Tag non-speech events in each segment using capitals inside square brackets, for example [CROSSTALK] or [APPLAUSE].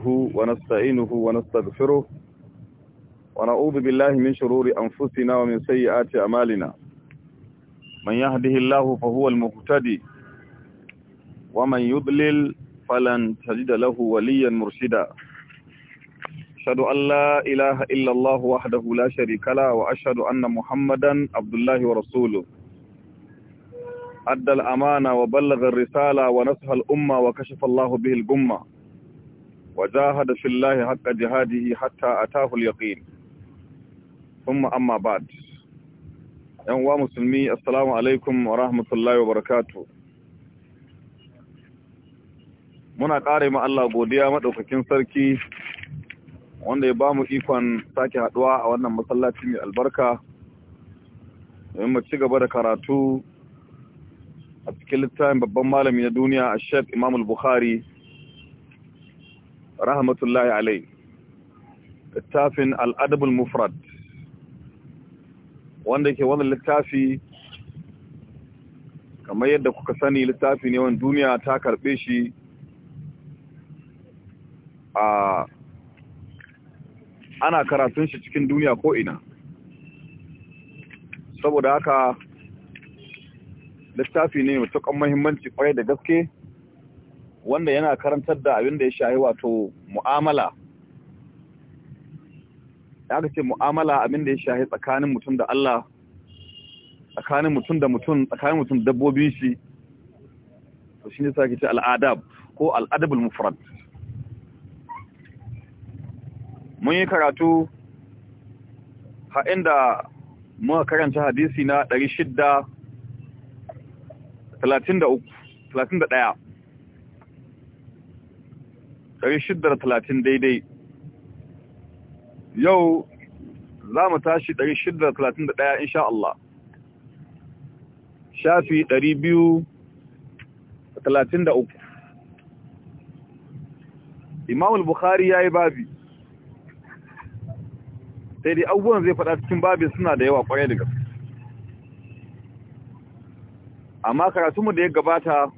نحمده ونستعينه ونستغفره ونعوذ بالله من شرور أنفسنا ومن سيئات أمالنا من يهده الله فهو المهتدي ومن يضلل فلن تجد له وليا مرشدا أشهد أن لا إله إلا الله وحده لا شريك له وأشهد أن محمدا عبد الله ورسوله أدى الأمانة وبلغ الرسالة ونصح الأمة وكشف الله به الجمة وجاهد في الله حق جهاده حتى أتاه اليقين ثم أما بعد ينوى مسلمي السلام عليكم ورحمة الله وبركاته muna ƙare ma Allah godiya maɗaukakin sarki wanda ya ba mu ikon sake haɗuwa a wannan masallaci mai albarka domin ci gaba da karatu a cikin littafin babban malami na duniya a shek imamul bukhari rahmatullahi alai littafin al'adabul mufrad wanda ke wannan littafi kamar yadda kuka sani littafi ne wani duniya ta karbe shi a ana karatun shi cikin duniya ko'ina saboda haka littafi ne mai tukan mahimmanci kwaye da gaske wanda yana karantar da abin da ya shahi wato mu'amala ya ka ce mu'amala abin da ya shahi tsakanin mutum da Allah tsakanin mutum da mutum tsakanin mutum dabbobin shi to shi ne sake ce al'adab ko al'adabul mufrad mun yi karatu ha inda muka karanta hadisi na 633 630 daidai yau za mu tashi 631 insha Allah shafi 233 Imam al-Bukhari yayi babi sai dai abubuwan zai faɗa cikin babin suna da yawa kwarai da gaske amma karatunmu da ya gabata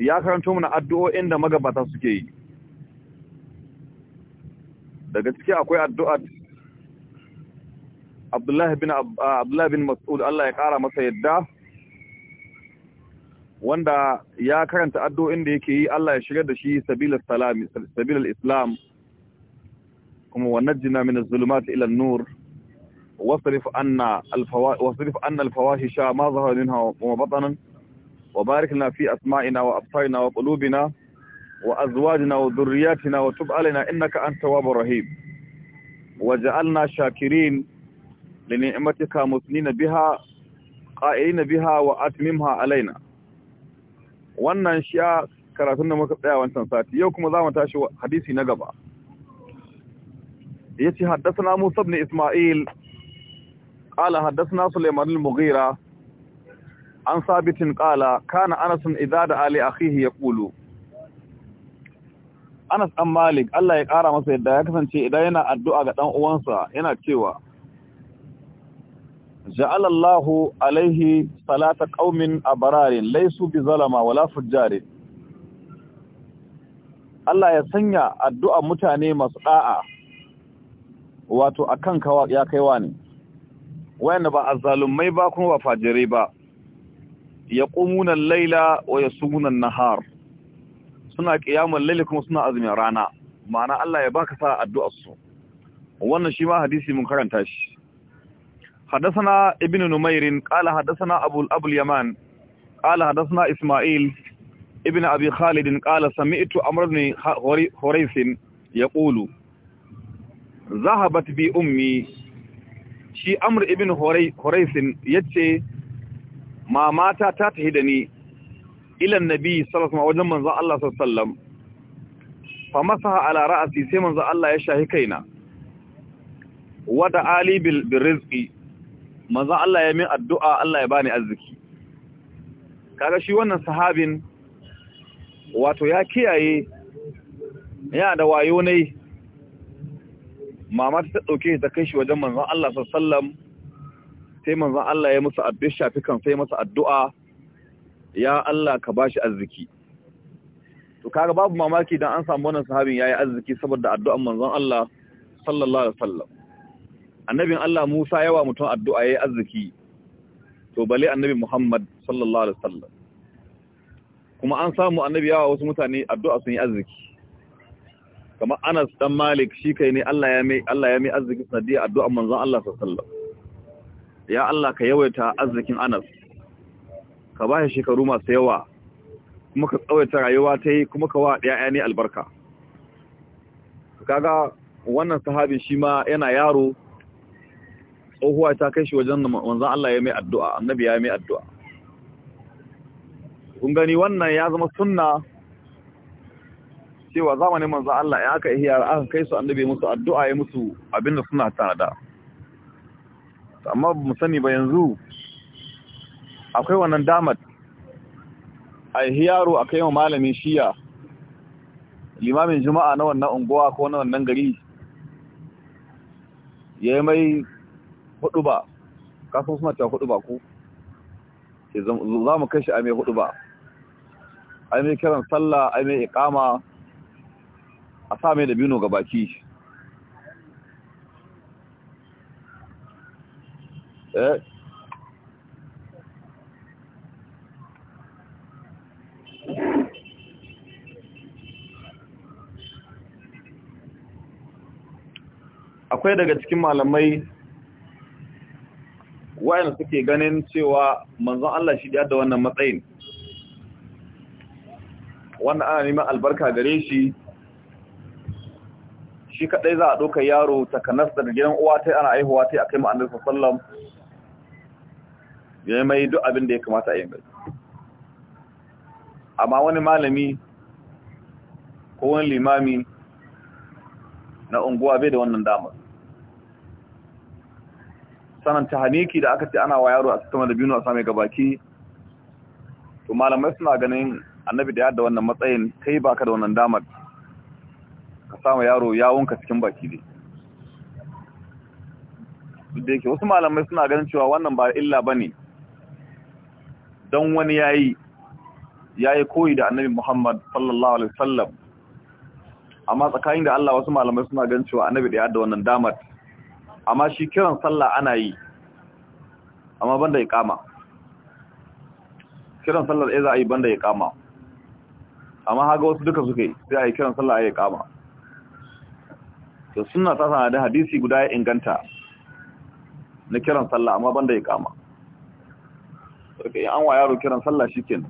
ya karanto mana addu'o'in da magabata suke yi daga ciki akwai addu'at Abdullahi bin Abdullahi bin Mas'ud Allah ya kara masa yadda wanda ya karanta addu'o'in da yake yi Allah ya shigar da shi sabilal salam islam kuma wanajjina min az-zulumat ila an-nur wasrif anna al-fawahish wasrif fawahisha ma zahara minha wa batana وبارك لنا في أسمائنا وأبصارنا وقلوبنا وأزواجنا وذرياتنا وتب علينا إنك أنت تواب رحيم وجعلنا شاكرين لنعمتك مثنين بها قائلين بها وأتممها علينا wannan sha karatun da muka tsaya wancan sati yau kuma za mu tashi hadisi na gaba yace haddathana Musa ibn Isma'il qala haddathana an sabitin kala kana anasun idza da ali ya kulu. Anas an Malik Allah ya ƙara masa yadda ya kasance idan yana addu'a ga ɗan uwansa yana cewa Ja'alallahu alaihi salata qaumin abararin laysu bi zalama wala fujjarin Allah ya sanya addu'a mutane masu ɗa'a wato akan kawa ya kaiwa ne wayanda ba azzalumai ba kuma ba fajirai ba ya ƙumunan laila wa ya sumunan nahar suna ƙiyaman laila kuma suna azumin rana ma'ana Allah ya baka sa addu'arsu wannan shi ma hadisi mun karanta shi haddasana ibnu numairin qala haddasana abul abul yaman qala haddasana isma'il ibnu abi khalid qala sami'tu amr ibn hurayf yaqulu zahabat bi ummi shi amr ibnu hurayf yace mamata ta tahi da ni ilan nabi sallallahu alaihi wajen manzon Allah sallallahu alaihi wasallam fa masaha ala ra'si sai manzon Allah ya shahi kaina wada ali bil rizqi manzon Allah ya min addu'a Allah ya bani arziki kaga shi wannan sahabin wato ya kiyaye yana da wayo ne mama ta dauke ta kai shi wajen manzon Allah sallallahu alaihi wasallam sai manzon Allah ya musu addu'a shafi kan sai masa addu'a ya Allah ka bashi arziki to kaga babu mamaki dan an samu wannan sahabin yayi arziki saboda addu'an manzon Allah sallallahu alaihi wasallam annabin Allah Musa yawa mutum addu'a yayi arziki to bale annabi Muhammad sallallahu alaihi wasallam kuma an samu annabi yawa wasu mutane addu'a sun yi arziki kamar Anas dan Malik shi kai ne Allah ya mai Allah ya mai arziki sanadiyar addu'ar manzon Allah sallallahu alaihi wasallam ya Allah ka yawaita arzikin Anas ka ba shi shekaru masu yawa kuma ka tsawaita rayuwa ta yi kuma ka wa ɗaya ne albarka kaga wannan sahabin shi ma yana yaro tsohuwa ta kai shi wajen wanzan Allah ya mai addu'a annabi ya mai addu'a kun gani wannan ya zama sunna cewa zamanin manzan Allah ya aka iya aka kai su annabi musu addu'a ya musu abinda suna tanada amma mu sani ba yanzu akwai wannan damar a yaro a kai malamin shiya limamin juma'a na wannan unguwa ko na wannan gari ya yi mai hudu ba kasan suna cewa hudu ba ku za mu kai shi a mai hudu ba a mai kiran sallah a mai ikama a sa mai da binu ga baki Eh? akwai daga cikin malamai wayanda suke ganin cewa manzon Allah shi da wannan matsayin wannan ana neman albarka gare shi shi kadai za a ɗauka yaro takanas daga gidan uwa ta ana aihuwa ta a kai ma'anar sallam ya mai duk abin da ya kamata a yi mai amma wani malami ko wani limami na unguwa bai da wannan damar sanan ta haniki da aka ce ana wa yaro a sistema da biyu a sami gabaki to malamai suna ganin annabi da yadda wannan matsayin kai baka da wannan damar ka samu yaro yawonka cikin baki ne duk da yake wasu malamai suna ganin cewa wannan ba illa ba ne don wani yayi yayi koyi da annabi Muhammad sallallahu alaihi wasallam amma tsakanin da Allah wasu malamai suna gan cewa annabi da ya da wannan damar amma shi kiran sallah ana yi amma banda iqama kiran sallar eh za a yi banda iqama amma haga wasu duka suke sai a yi kiran sallah a yi iqama to sunna ta sana da hadisi guda ya inganta na kiran sallah amma banda iqama sai eh, an wa yaro kiran sallah shikenan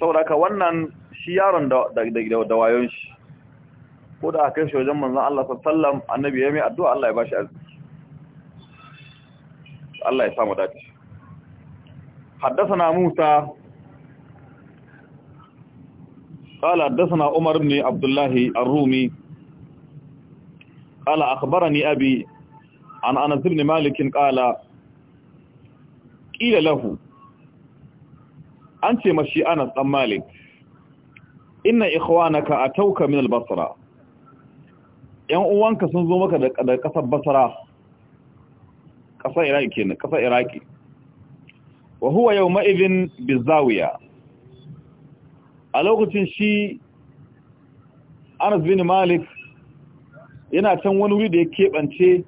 sauraka wannan shi yaron da wayon shi ko da aka shi wajen manzan Allah sallam annabi ya mai addu'a Allah ya bashi arziki Allah ya samu dace حدثنا musa قال حدثنا عمر بن عبد الله الرومي قال أخبرني أبي عن أنس بن مالك قال ila lahu an ce mashi anas dan malik inna ikhwanaka atauka min al-basra yan uwanka sun zo maka da kasar basra kasar iraki kenan kasar iraki wa huwa yawma idhin bizawiya a lokacin shi Anas bin Malik yana can wani wuri da ya keɓance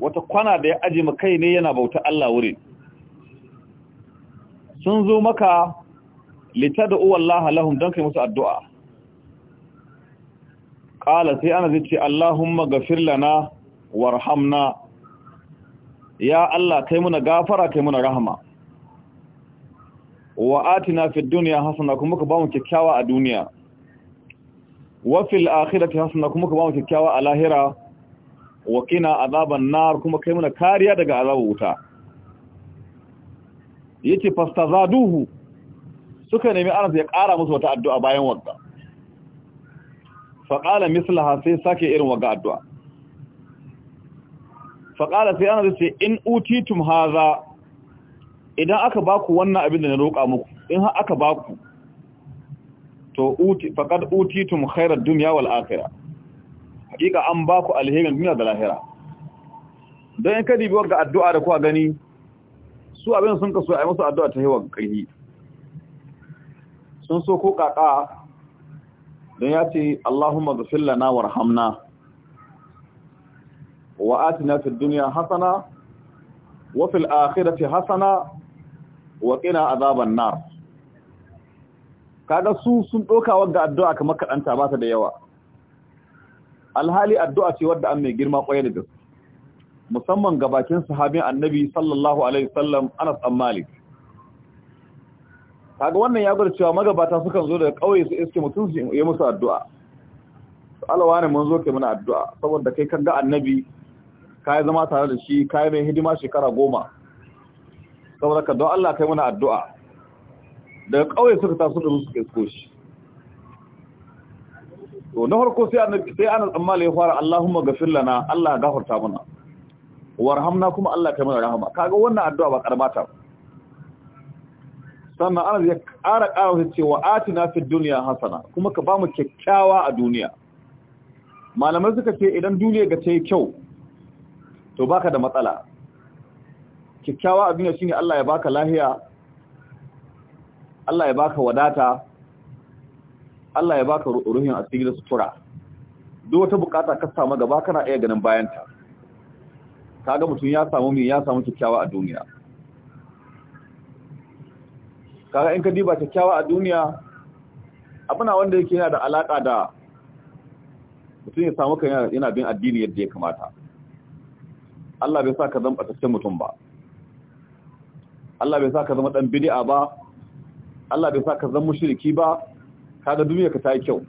wata kwana da ya aje kai ne yana bauta Allah wurin sun zo maka lita da uwallaha lahum don kai musu addu'a ƙala sai ana zai ce Allahumma gafir lana warhamna ya Allah kai muna gafara kai muna rahama wa atina duniya, dunya hasana kuma ka bamu kyakkyawa a duniya wa fil akhirati hasana kuma ka bamu kyakkyawa a lahira wa qina azaban nar kuma kai muna kariya daga azabu wuta yace fastazaduhu suka nemi sai ya ƙara musu wata addu'a bayan wagga faƙala mislaha sai sake irin wagga addu'a faƙala sai Anas ce in utitum haza idan aka baku wannan abin da na roƙa muku in har aka baku to uti faqad utitum khairad dunya wal akhirah hakika an baku alheri duniya da lahira don kadi ka dibi wagga addu'a da kuwa gani su abin sun kaso a musu addu'a ta hewa ƙarfi sun so ko kaka don ya ce Allahumma ghfir lana warhamna wa atina fid dunya hasana wa fil akhirati hasana wa qina azaban nar kaga su sun doka wadda addu'a kamar kaɗanta ba ta da yawa alhali addu'a ce wadda an mai girma kwaye da gaske musamman ga bakin sahabin annabi sallallahu alaihi wasallam Anas bin Malik kaga wannan ya gwada cewa magabata sukan zo daga kauye su iske mutum su yi musu addu'a alawa ne mun zo kai muna addu'a saboda kai kan ga annabi kai zama tare da shi kai mai hidima shekara goma saboda ka don Allah kai mana addu'a daga kauye suka taso da musu isko shi to na farko sai annabi sai Anas Amali ya fara Allahumma ghafir lana Allah gafarta mana warhamna kuma Allah ka mana rahama kaga wannan addu'a ba ta sannan ana ya ƙara ƙara wata cewa atina fid dunya hasana kuma ka bamu kyakkyawa a duniya malamai suka ce idan duniya ga tayi kyau to baka da matsala kyakkyawa a duniya shine Allah ya baka lahiya Allah ya baka wadata Allah ya baka ruhin asiri da sutura duk wata bukata ka samu gaba kana iya ganin bayanta kaga mutum ya samu mai ya samu kyakkyawa a duniya kaga in ka diba kyakkyawa a duniya abuna wanda yake yana da alaka da mutum ya samu kan yana bin addini yadda ya kamata Allah bai sa ka zama ɓataccen mutum ba Allah bai sa ka zama ɗan bidi'a ba Allah bai sa ka zama mushriki ba kaga duniya ka ta yi kyau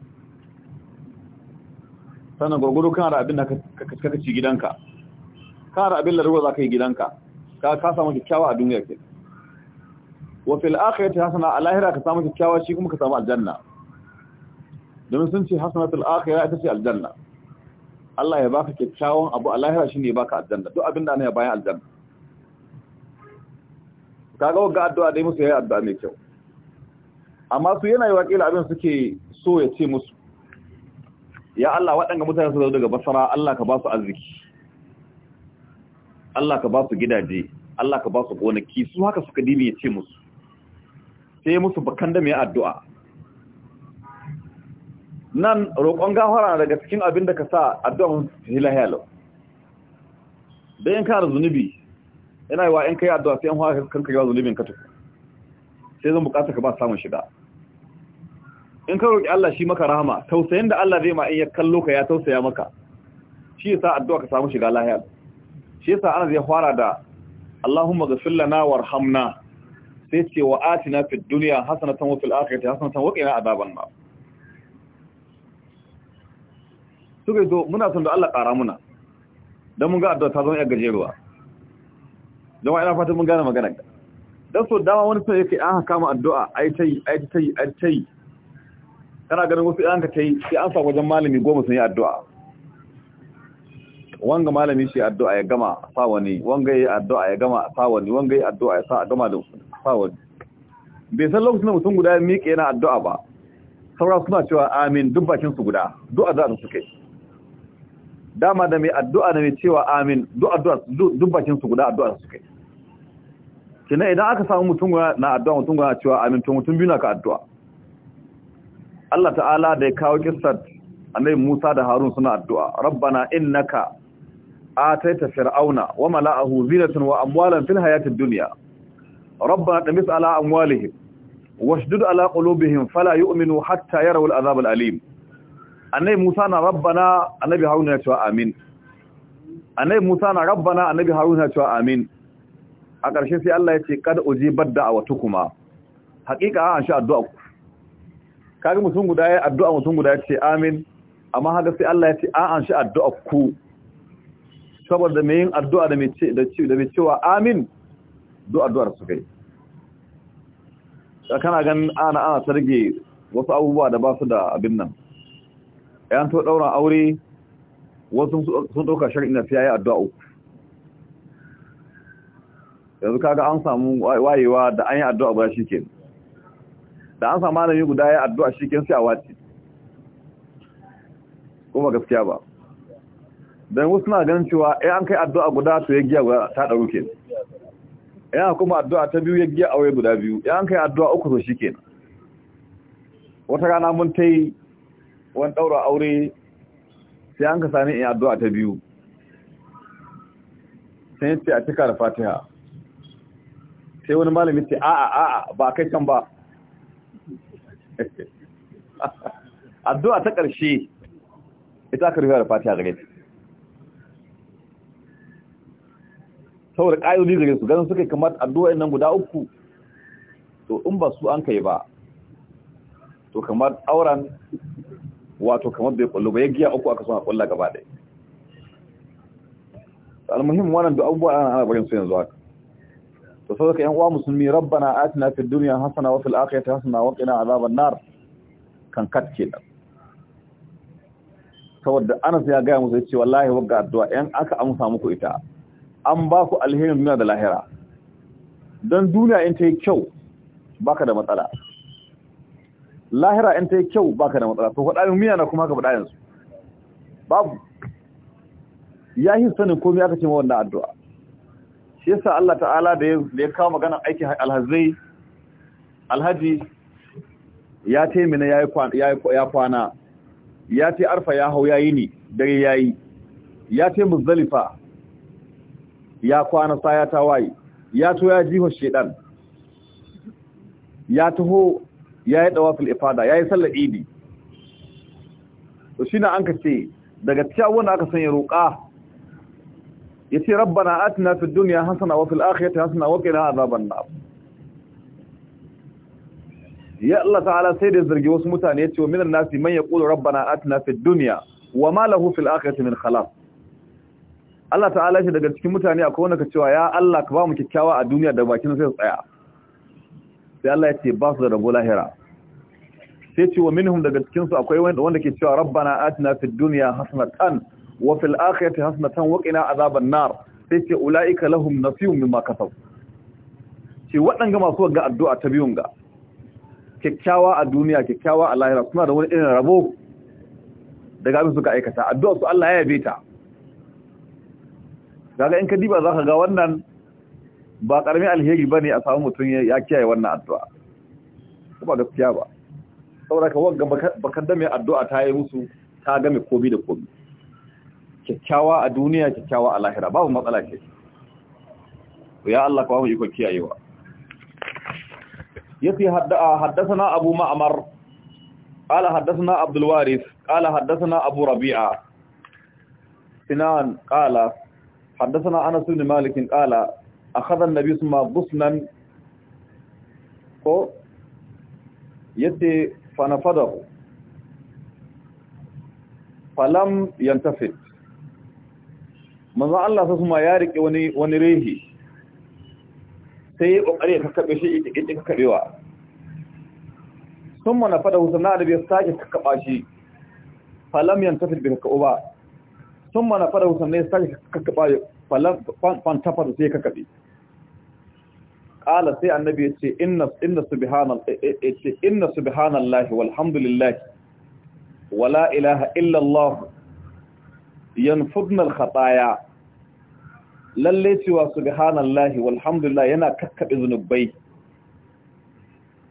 sannan gurguru kana da abin da ka ci gidanka kara abin larura za ka yi gidanka ka ka samu kyakkyawa a duniya ke wa fil akhirati hasana a lahira ka samu kyakkyawa shi kuma ka samu aljanna domin sun ce hasanatul akhirah ita ce aljanna Allah ya baka kyakkyawan abu a lahira ne ya baka aljanna duk abin da ne ya bayan aljanna Ka ga ga addu'a dai musu yayi addu'a mai kyau amma su yana yi wakila abin suke so ya ce musu ya Allah waɗanda mutane su zo daga basara Allah ka ba su arziki Allah ka ba su gidaje Allah ka ba su gonaki su haka suka dini ya ce musu sai musu bakan da mai addu'a nan roƙon gafara daga cikin abin da ka sa addu'a hilahiyalo don yin kara zunubi yana yi wa ‘yan kai addu'a sai ‘yan hawa kanka yawa zunubin ka tuku sai zan bukata ka ba samun shiga in ka roƙi Allah shi maka rahama tausayin da Allah zai ma in ya kallo ka ya tausaya maka shi ya sa addu'a ka samu shiga lahiyar. shi yasa ana zai fara da Allahumma ghfir lana warhamna sai ce wa atina fid dunya hasanatan wa fil akhirati hasanatan wa qina adhaban nar suka zo muna son da Allah ƙara muna don mun ga addu'a ta zama ya gajeruwa don ina fatan mun gane magana Dan so dama wani sai yake an haka mu addu'a ai ta yi ai ta yi ai ta yi kana ganin wasu ɗan ka ta yi sai an sa wajen malami goma sun yi addu'a wanga malami shi addu'a ya gama sa wani wanga yi addu'a ya gama sa wani wanga yi addu'a ya sa gama da sa wani bai san lokacin da mutum guda ya miƙe yana addu'a ba saura suna cewa amin duk bakin su guda duk addu'a da suke dama da mai addu'a da mai cewa amin duk addu'a duk bakin su guda addu'a da suke kina idan aka samu mutum guda na addu'a mutum guda cewa amin to mutum biyu na ka addu'a Allah ta'ala da ya kawo kissar annabi Musa da Harun suna addu'a rabbana innaka ataita fir'auna wa mala'ahu zinatan wa amwalan fil hayatid dunya rabbana tamis ala amwalihim washdud ala qulubihim fala yu'minu hatta yarawu al'azab al'alim annabi musa na rabbana annabi haruna ya cewa amin annabi musa na rabbana annabi haruna ya cewa amin a ƙarshe sai Allah ya ce kad ujibat da'awatukuma haƙiƙa an sha addu'a ku kage mutum guda ya addu'a mutum guda ya ce amin amma haka sai Allah ya ce a an sha addu'a ku saboda mai yin addu'a da mai cewa amin duk addu'ar su kai kana ganin ana ana sarge wasu abubuwa da ba su da abin nan yan to ɗaura aure wasu sun ɗauka shari'in da fiye addu'a uku yanzu kaga an samu wayewa da an yi addu'a ba shi ke da an samu malami guda ya addu'a shi ke sai a wace kuma gaskiya ba don wasu na ganin cewa ya an kai addu'a guda to ya giya guda ta ɗaru ke ya kuma addu'a ta biyu ya giya aure guda biyu ya an kai addu'a uku to shi ke wata rana mun ta yi wani ɗaura aure sai an ka sami in addu'a ta biyu sai ce a cika da fatiha sai wani malami ce a'a a'a ba kai can ba [LAUGHS] addu'a ta ƙarshe ita ka rufe da fatiha gare ta saboda ƙa'idodi gare su ganin suka yi kamar addu'o'in nan guda uku to in ba su an kai ba to kamar auren wato kamar bai kwallo ba ya giya uku aka suna kwallo gaba ɗaya almuhim wannan duk abubuwa ana ana barin su yanzu haka to saboda yan uwa musulmi rabbana atina fi duniya hasana wa fil akhirati hasana wa qina azaban nar kan katke da saboda Anas ya ga musu ya ce wallahi wagga addu'a yan aka amsa muku ita an ba ku alherin duniya da lahira don duniya in ta yi kyau baka da matsala lahira in ta yi kyau baka da matsala to faɗa min miya na kuma ka faɗa yanzu babu ya yi sanin komai aka ce mawanda wannan addu'a shi yasa Allah ta'ala da ya kawo maganar aikin alhazai alhaji ya ce mina ya kwana ya ce arfa ya hau ya yi ni dare ya yi ya ce zalifa. ya kwana saya ta tawaye ya to ya jiho shedan ya taho ya yi dawafil ifada ya yi sallar idi to shi na an kace ce daga cewa wanda da aka sanya roƙa ya ce rabbana atina fi duniya hasana wa fil akhirati hasana wa qina azaban nar ya Allah ta'ala sai da zargi wasu mutane ya ce wa minan nasi man yaqulu rabbana atina fi duniya wa ma lahu fil akhirati min khalaq Allah ta'ala shi daga cikin mutane a kowane ka cewa ya Allah ka ba mu kyakkyawa a duniya da bakin sai tsaya sai Allah ya ce ba su da rabo lahira sai ce wa minhum daga cikin su akwai wanda ke cewa rabbana atina fid dunya hasanatan wa fil akhirati hasanatan wa qina azaban nar sai ce ulaika lahum nasiyun mimma kasab ce waɗanga masu ga addu'a ta biyun ga kyakkyawa a duniya kyakkyawa a lahira suna da wani irin rabo daga su suka aikata addu'a su Allah ya yabe ta kaga in ka diba za ka ga wannan ba ƙaramin alheri ba ne a samu mutum ya kiyaye wannan addu'a kuma gaskiya ba saboda ka wagga bakar da mai addu'a ta yi musu ta game kobi da kobi. kyakkyawa a duniya kyakkyawa a lahira babu matsala ke ya Allah kawo iko kiyayewa yace haddathana abu ma'amar qala haddathana abdul waris qala haddathana abu rabi'a sinan qala حدثنا أنس بن مالك قال أخذ النبي ثم غصنا يتي فنفضه falam yantafit manzo Allah sai kuma ya rike wani rehi sai kokari ka kabe shi ita ita kabewa thumma na fada husna da bai sake ka kaba shi falam bi sun mana fara sannan ya sake kakkaɓa ya fantafar sai kakkaɓe ƙala sai annabi ya ce inna subhanallahi walhamdulillahi wala ilaha illallah yanfudnal khataya lalle cewa subhanallahi walhamdulillah yana kakkaɓe zunubai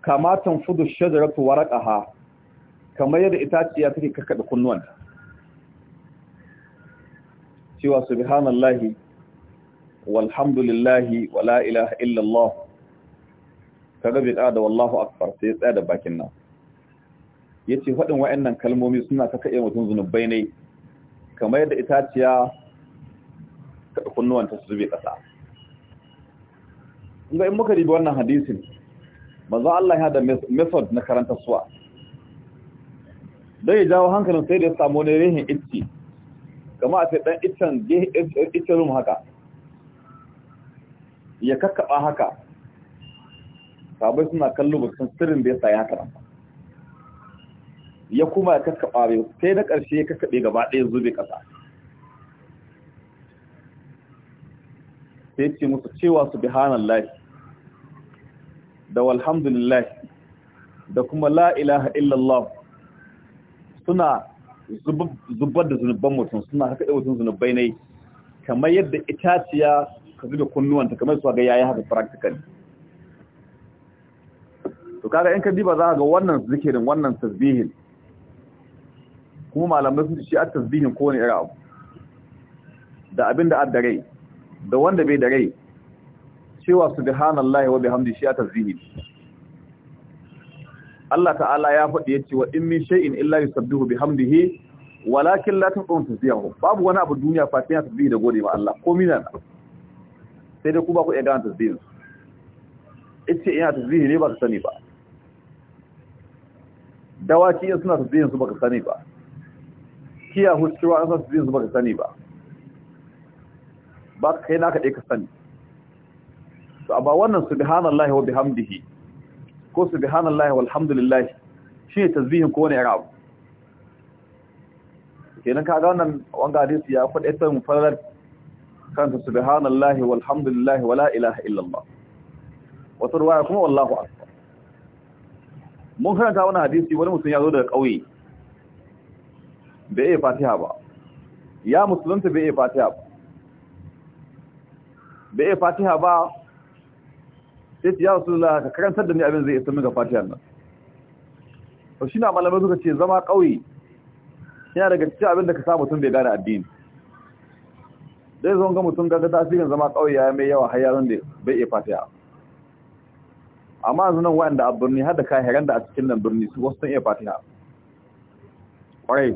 kamatan fudu shajaratu waraqaha kamar yadda itaciya take kakkaɓe kunnuwanta cewa subhanallahi walhamdulillahi wala ilaha illallah kaga bai da wallahu akbar sai ya tsaya da bakin nan yace faɗin wayannan kalmomi suna ta kai mutum zunubai ne kamar yadda itaciya ta kunnuwan ta zube kasa inda in muka ribi wannan hadisin manzo Allah ya da method na karanta suwa dai ya jawo hankalin sai da ya samu ne rehin itti kama a sai ɗan itan rum haka ya kakaɓa haka sabai suna kallo ba sun sirrin da ya sayi haka nan ya kuma ya kakaɓa bai sai na ƙarshe ya kakaɓe gaba ɗaya zube ƙasa sai ce musu cewa su bihanan lai da walhamdulillah da kuma la ilaha illallah suna zubar da zunubban mutum suna haka ɗaya mutum zunubai ne kamar yadda itaciya ka zuba kunnuwanta kamar su ga yayi haka practical to kaga in ka diba za ga wannan zikirin wannan tasbihin kuma malamai sun ce a tasbihin kowane ira abu da abin da adda rai da wanda bai da rai cewa subhanallahi wa bihamdihi shi a tasbihin Allah ta'ala ya faɗi ya ce wa in min shay'in illa yusabbihu bihamdihi walakin la tunqun tasbihu babu wani abu duniya fatiha tasbihi da gode ma Allah ko mina sai dai ku ba ku iya gane tasbihin ita ina tasbihi ne ba ka sani ba dawaki in suna tasbihin su ba ka sani ba kiya huskiwa an suna tasbihin su ba ka sani ba ba ka kai ka ɗaya ka sani to amma wannan subhanallahi wa bihamdihi ko subhanallahi walhamdulillah shi tasbihin ko wani rabu kenan kaga wannan wanga hadisi ya faɗa ta mufarrar kanta subhanallahi walhamdulillahi wala ilaha illallah wata ruwaya kuma wallahu akbar mun karanta wannan hadisi wani mutum ya zo daga ƙauye bai iya fatiha ba ya musulunta bai iya fatiha ba bai iya fatiha ba sai ya rasulullah ka karantar da ni abin zai isa min ga fatiha nan to shi na malamai suka ce zama ƙauye. yana daga cikin abin da ka sa mutum bai gane addini Zai zo ga mutum ga tasirin zama ƙauye ya mai yawa har yaron da bai iya Fatiya. amma yanzu nan wa'anda a birni har da kahiran da a cikin nan birni su wasu sun iya Fatiya. kwarai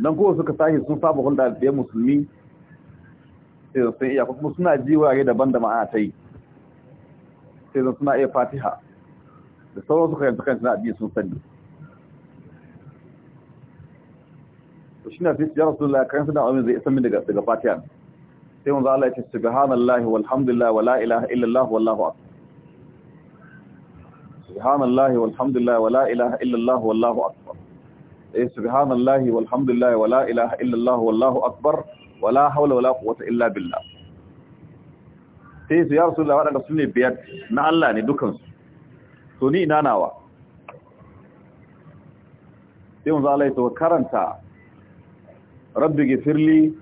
don kowa suka tashi sun saba hulɗa da musulmi sai sun iya kuma suna ji wurare daban da ma'ana ta yi sai zan suna iya fatiha da sauransu suka yanzu kansu suna abin sun sani to shi na fi ya rasulullah kan suna amin zai isa min daga daga fatiha sai manzo Allah ya ce subhanallahi walhamdulillah wala ilaha illallah wallahu akbar subhanallahi walhamdulillah wala ilaha illallah wallahu akbar eh subhanallahi walhamdulillah wala ilaha illallah wallahu akbar ولا حول ولا قوه الا بالله sai su ya rasu da waɗanda su ne biyar na Allah ne dukansu su ni ina nawa sai mun zalai to karanta rabbi gifirli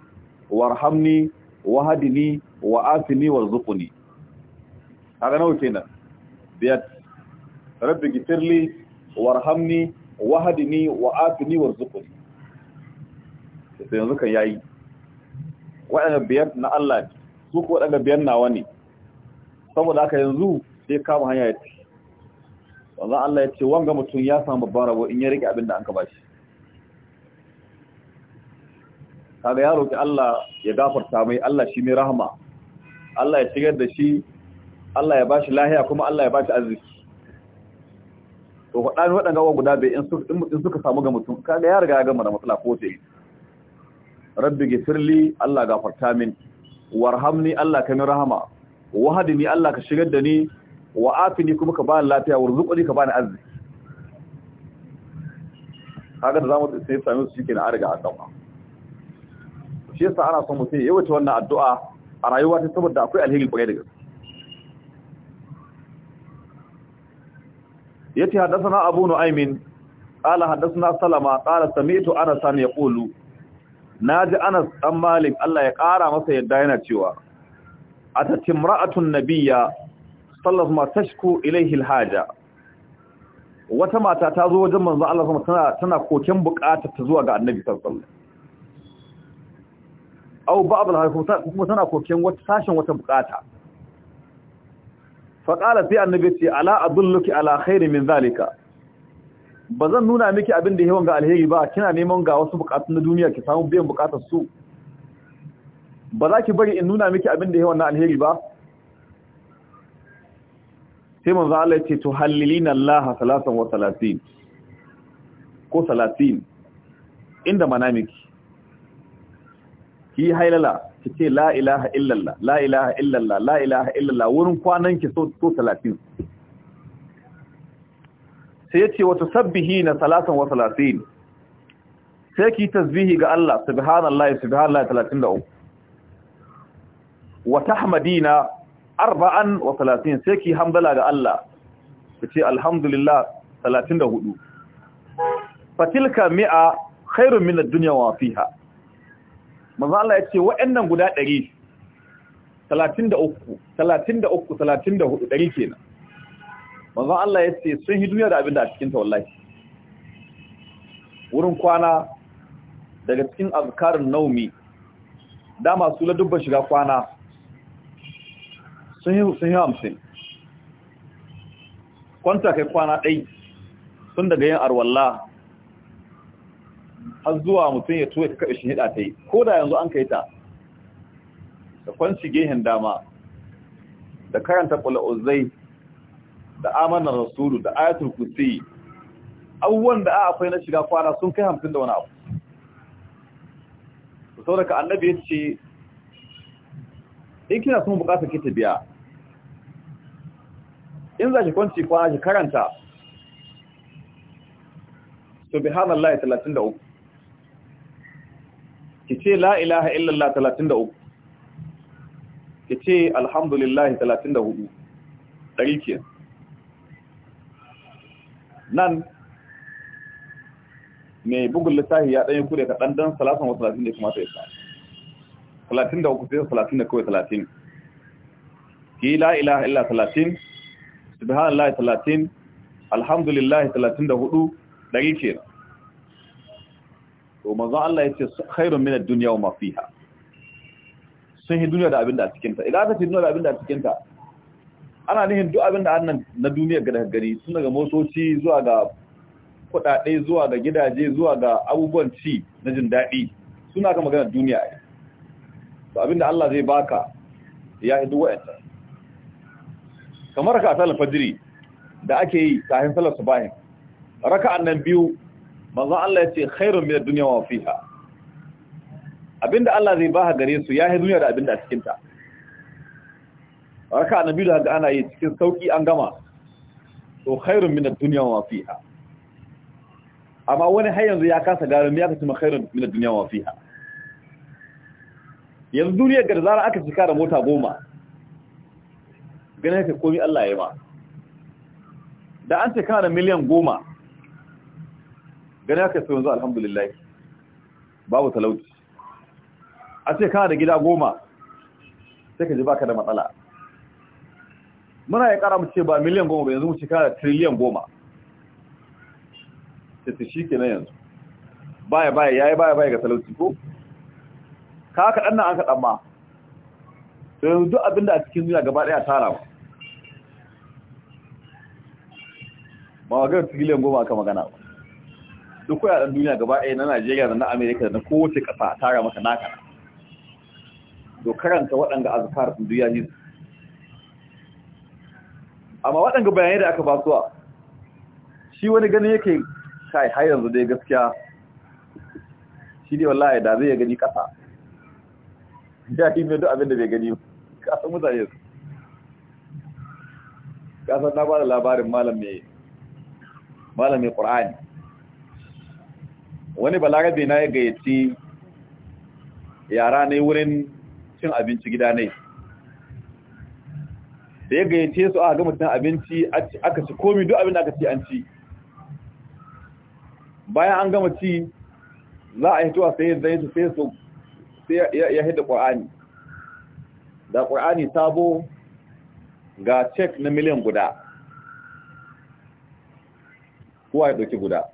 warhamni wahadini wa'afini warzuqni Haka nawa kenan biyar rabbi gifirli warhamni wahadini wa'afini warzuqni sai yanzu kan yayi waɗanda biyar na Allah ne su ko waɗanda biyar nawa ne saboda aka yanzu zai kama hanya ya ci wanzan Allah ya ce wanga mutum ya samu babban rabo in ya rike abin da an ka bashi kaga ya roki Allah ya gafarta mai Allah shi mai rahama Allah ya shigar da shi Allah ya bashi lahiya kuma Allah ya bashi arziki to faɗa ne waɗanda gawa guda bai in suka samu ga mutum kaga ya riga ya gama da matsala ko yi. rabbi gifirli Allah gafarta min warhamni Allah ka kami rahama ni Allah ka shigar da ni wa afini kuma ka bani lafiya rizqi ka bani arziki haka da zamu sai sami su shike na arga a dauka shi yasa ana son mutum ya wuce wannan addu'a a rayuwa ta saboda akwai alheri kwarai da gaske yati hadathana abu nu'aymin qala hadathana salama qala sami'tu anas an yaqulu naji anas dan malik Allah ya kara masa yadda yana cewa أتت امرأة النبي صلى الله عليه تشكو إليه الحاجة وتما تتازو وجمع الله صلى الله عليه تنا ta zuwa ga قاعد النبي صلى الله عليه أو بعض الحاجة كما تنا كوكين وتساشن وتبقاتة فقال في النبي ألا أدلك على خير من ذلك bazan nuna miki abin da yawan ga alheri ba kina neman ga wasu bukatun na duniya ki samu biyan bukatun su ba za ki bari in nuna miki abin da ya wannan alheri ba sai za Allah ya ce to hallilina Allah salasan wa salasin ko salasin inda mana miki. ki hailala ki ce la ilaha illallah la ilaha illallah la ilaha illallah wurin kwanan ki so to 30 sai yace wa tusabbihina salatan wa salasin sai ki tasbihi ga Allah subhanallahi subhanallahi 33 wa tahmadina arba'an wa talatin sai ki hamdala ga Allah ki ce alhamdulillah 34 fatilka mi'a khairun min ad-dunya wa fiha manzo Allah yace waɗannan guda 100 33 33 34 100 kenan manzo Allah yace sun hi duniya da abinda a cikin ta wallahi wurin kwana daga cikin azkarun naumi dama su la dubban shiga kwana sun yi hamsin kwanta kai kwana ɗai sun daga yin arwalla har zuwa mutum ya tuwa ta kaɓe shi hida ta yi ko da yanzu an kai ta da kwanci gehen dama da karanta ƙula'uzai da amanar rasulu da ayatul kusi abubuwan da akwai na shiga kwana sun kai hamsin da wani abu saboda ka annabi ya ce in kina sun bukatar kita biya in za shi kwanci kwa shi karanta da 33 ki ce la ilaha illallah 33 ki ce alhamdulillahi 34 dari ke nan mai bugun littafi ya ɗanyi kure kaɗan don salatan wasu talatin ne kuma ta isa talatin da uku sai talatin da kawai talatin ki la ilaha illa talatin subhanallahi 30 alhamdulillahi 34 dari kenan to manzo Allah yace khairun min ad-dunya wa ma fiha sun hi duniya da abinda a cikin ta idan aka ce duniya da abinda a cikin ta ana nihin duk abinda annan na duniya ga daga gari tun daga motoci zuwa ga kudade zuwa ga gidaje zuwa ga abubuwan ci na jin daɗi suna ka magana duniya to abinda Allah zai baka ya hidu wa'anta kamar raka asalin fajiri da ake yi kafin salar raka raka'an nan biyu manzon Allah ya ce khairun min ad-dunya wa fiha abinda Allah zai ba gare su ya yi duniya da abinda a cikin ta raka'an nan biyu da ana yi cikin sauki an gama to khairun min ad-dunya wa fiha amma wani har yanzu ya kasa garin ya kace khairun min ad-dunya wa fiha yanzu duniya ga zara aka cika da mota goma ganin ka komi Allah ya yi ma da an ce kana da miliyan goma ganin ka sai yanzu alhamdulillah babu talauci a ce kana da gida goma sai ka ji baka da matsala muna ya kara mu ce ba miliyan goma ba yanzu mu ce kana da triliyan goma sai ta shi na yanzu baya baya yayi baya baya ga talauci ko ka haka dan nan an ka dan ma to yanzu duk abinda a cikin duniya gaba daya tara ba ba wa gaba tigiliyan goma aka magana ba duk kudaden duniya gaba daya na Najeriya da na Amerika da na kowace kasa tara maka naka na karanta waɗanda azkar din duniya ne amma waɗanda bayanai da aka ba suwa shi wani gani yake kai har yanzu dai gaskiya shi ne wallahi da zai gani kasa ya yi mai duk abin da bai gani ba kasan mutane su kasan na bada labarin malam mai malam wani balarabe na ya gayyaci yara ne wurin cin abinci gida ne da ya gayyace su aka gama cin abinci aka ci komi duk abin da aka ci an ci bayan an gama ci za a yi tuwa sai zai su sai su sai ya hidda ƙwa'ani da ƙwa'ani sabo ga cek na miliyan guda kuwa ya ɗauki guda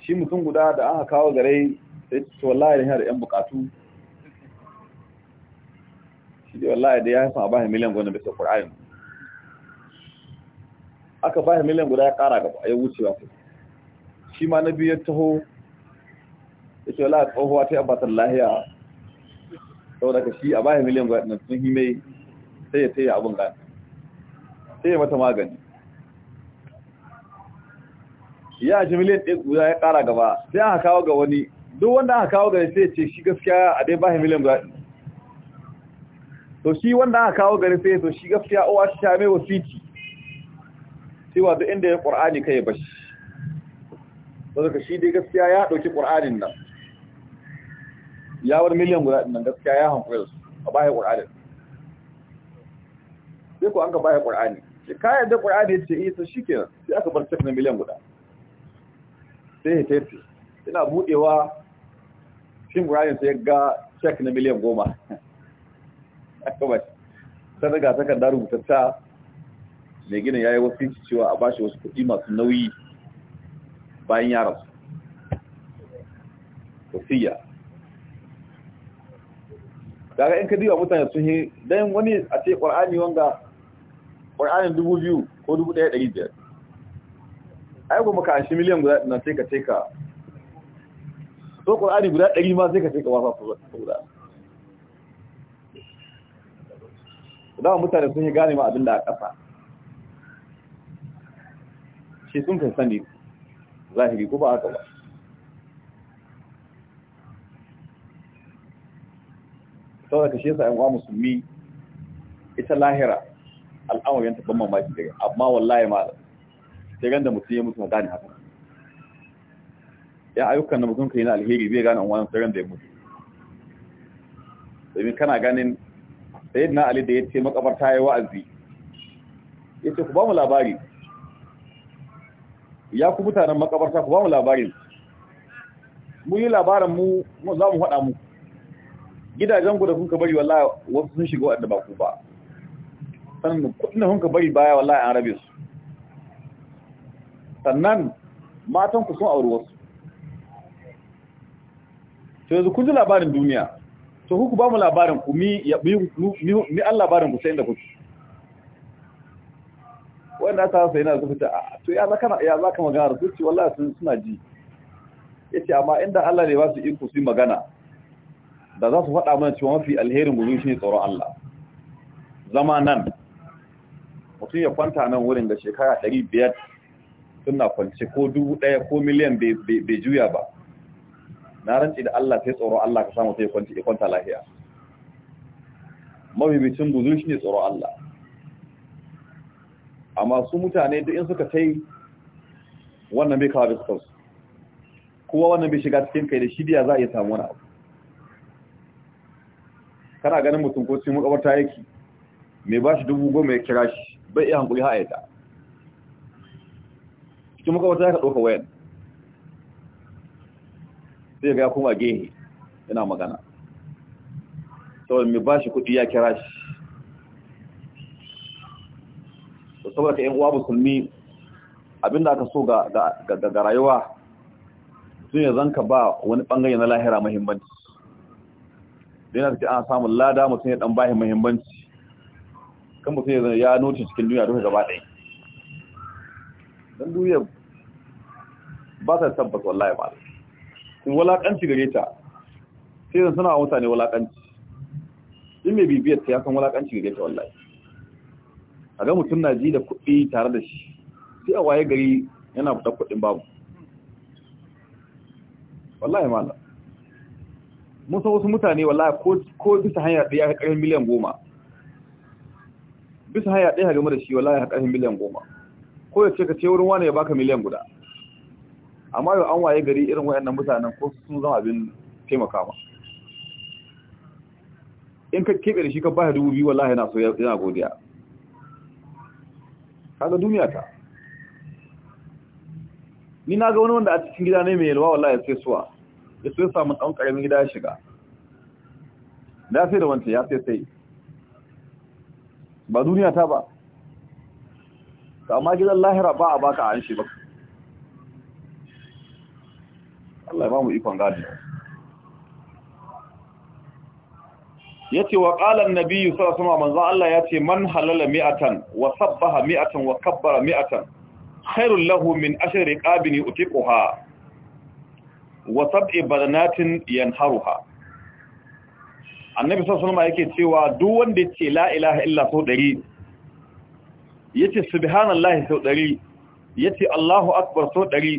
shi mutum guda da aka kawo gare sai ce wallahi da yana 'yan bukatu shi da wallahi da ya haifan a bayan miliyan guda bisa ƙwa'ani aka bayan miliyan guda ya ƙara gaba ya wucewa shi ma na biyu ya taho ya ce wala tsohuwa ta yabbatar lahiya saboda ka shi a bayan miliyan guda na sun hime sai ya taya abin gani sai ya mata magani ya ji miliyan ɗin guda ya ƙara gaba sai aka kawo ga wani duk wanda aka kawo gari sai ya ce shi gaskiya a dai bayan miliyan guda to shi wanda aka kawo gari sai to shi gaskiya uwa ta mai wasiti cewa duk inda ya ƙur'ani kai bashi saboda shi dai gaskiya ya ɗauki ƙur'anin nan ya bar miliyan guda ɗin nan gaskiya ya da su a baya ƙur'anin sai ko an ga baya ƙur'ani sai ka yarda ƙur'ani ce isa eh, shi ke sai aka bar cek na miliyan guda sai ya tafi ina buɗewa shin ƙur'ani sai ga cek na miliyan goma [LAUGHS] aka ba ta daga takarda rubutatta mai gina ya yi wasu cewa a bashi wasu kuɗi masu nauyi bayan yaron wasiya kaga in ka diba mutane sun yi dan wani a ce qur'ani wanga qur'anin 2000 ko 1500 ai goma ka an shi miliyan guda na sai ka so qur'ani guda 100 ma sai ka sai ka wasa guda mutane sun yi gane ma abin da a kasa shi sun sani zahiri ko ba haka saboda ka shi yasa ƴan uwa musulmi ita lahira al'amarin ta ban mamaki daga amma wallahi ma sai ganda mutum ya mutu na gane haka ya ayyukan da mutum ka yi na alheri bai gane wani sauran da ya mutu domin kana ganin sayid na ali da ya ce ta ya wa'azi ya ce ku ba mu labari ya ku mutanen ta ku ba mu labarin mu yi labarin mu za mu haɗa mu gidajen ku da kun ka bari wallahi wasu sun shiga wadda ba ku ba sannan kudin da kun ka bari baya wallahi an rabe su sannan matan ku sun auri wasu to yanzu kun ji labarin duniya to ku ba mu labarin ku mi ya mi mi an labarin ku sai inda kuke wanda ta sai yana zuwa ta to ya zaka ya zaka magana da su wallahi sun suna ji yace amma inda Allah ne ba su iko su magana da za su faɗa mana cewa mafi alherin gudun shi ne tsoron Allah zama nan mutum ya kwanta nan wurin da shekara ɗari biyar suna kwanci ko dubu ɗaya ko miliyan bai juya ba na ranci da Allah sai tsoron Allah ka samu sai kwanci ya kwanta lahiya mabibicin gudun shi ne tsoron Allah amma su mutane duk in suka tai wannan bai kawo da su kowa wannan bai shiga cikin kai da shidiya za a iya samu wani abu kana ganin mutum ko cikin makabarta yake mai ba shi dubu goma ya kira shi bai iya hankuli ta cikin makabarta ya ka ɗauka wayan sai ga ya kuma gehe yana magana saboda mai ba shi kuɗi ya kira shi saboda ka yan uwa musulmi abinda aka so ga rayuwa sun ya zanka ba wani bangare na lahira mahimmanci da yana cikin ana samun lada mutum ya dan bahi muhimmanci kan mutum ya zana ya noce cikin duniya duka gaba ɗaya don duniya ba ta tabbas wallahi ba Sun walaƙanci gare ta sai zan suna mutane walaƙanci. in mai bibiyar ta ya san walaƙanci gare ta wallahi a ga mutum na ji da kuɗi tare da shi sai a waye gari yana fitar kuɗin babu wallahi malam mun san wasu mutane wallahi ko bisa hanya ɗaya ya ƙarfin miliyan goma bisa hanya ɗaya game da shi wallahi ya ƙarfin miliyan goma ko ya ce ka ce wurin wani ya baka miliyan guda amma yau an waye gari irin wayannan mutanen ko sun zama abin taimaka ma in ka keɓe da shi ka baya dubu biyu wallahi yana so yana godiya kaga duniya ta ni na ga wani wanda a cikin gida ne mai yalwa wallahi sai suwa da sun samu ɗan ƙaramin gida ya shiga da sai da wancan ya sai sai ba duniya ta ba amma gidan lahira ba a baka an shi ba Allah ya ba mu ikon gadi ya ce wa ƙalar nabi yusuf sama manzo Allah ya ce man halala mi'atan wa sabbaha mi'atan wa kabbara mi'atan khairun lahu min ashirin ƙabini utiƙuha wa sab'i barnatin yanharuha annabi sallallahu alaihi wasallam yake cewa duk wanda yace la ilaha illa sau 100 yace subhanallahi sau Ya yace Allahu akbar sau Ya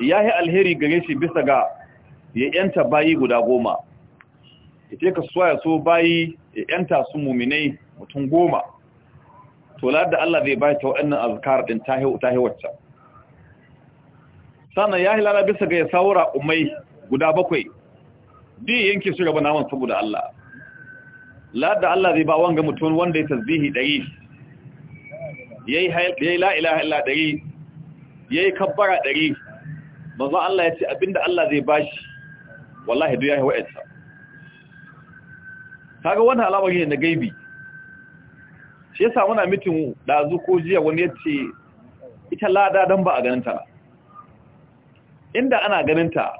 yahi alheri gare shi bisa ga ya yanta bayi guda goma yace ka suwaya so bayi ya yanta su mu'minai mutum goma to ladda Allah zai bayi ta waɗannan azkar din tahi tahi wacce sannan ya hilala bisa ga ya saura umai guda bakwai di yanke su gaba naman saboda Allah da Allah zai ba wanga mutum wanda ya tasbihi ɗari yayi yayi la ilaha illa ɗari yayi kabbara ɗari manzo Allah ya ce abinda Allah zai bashi wallahi duk yayi Ta kaga wannan al'amari na gaibi shi yasa muna mitin dazu ko jiya wani yace ita lada dan ba a ganin ta inda ana ganinta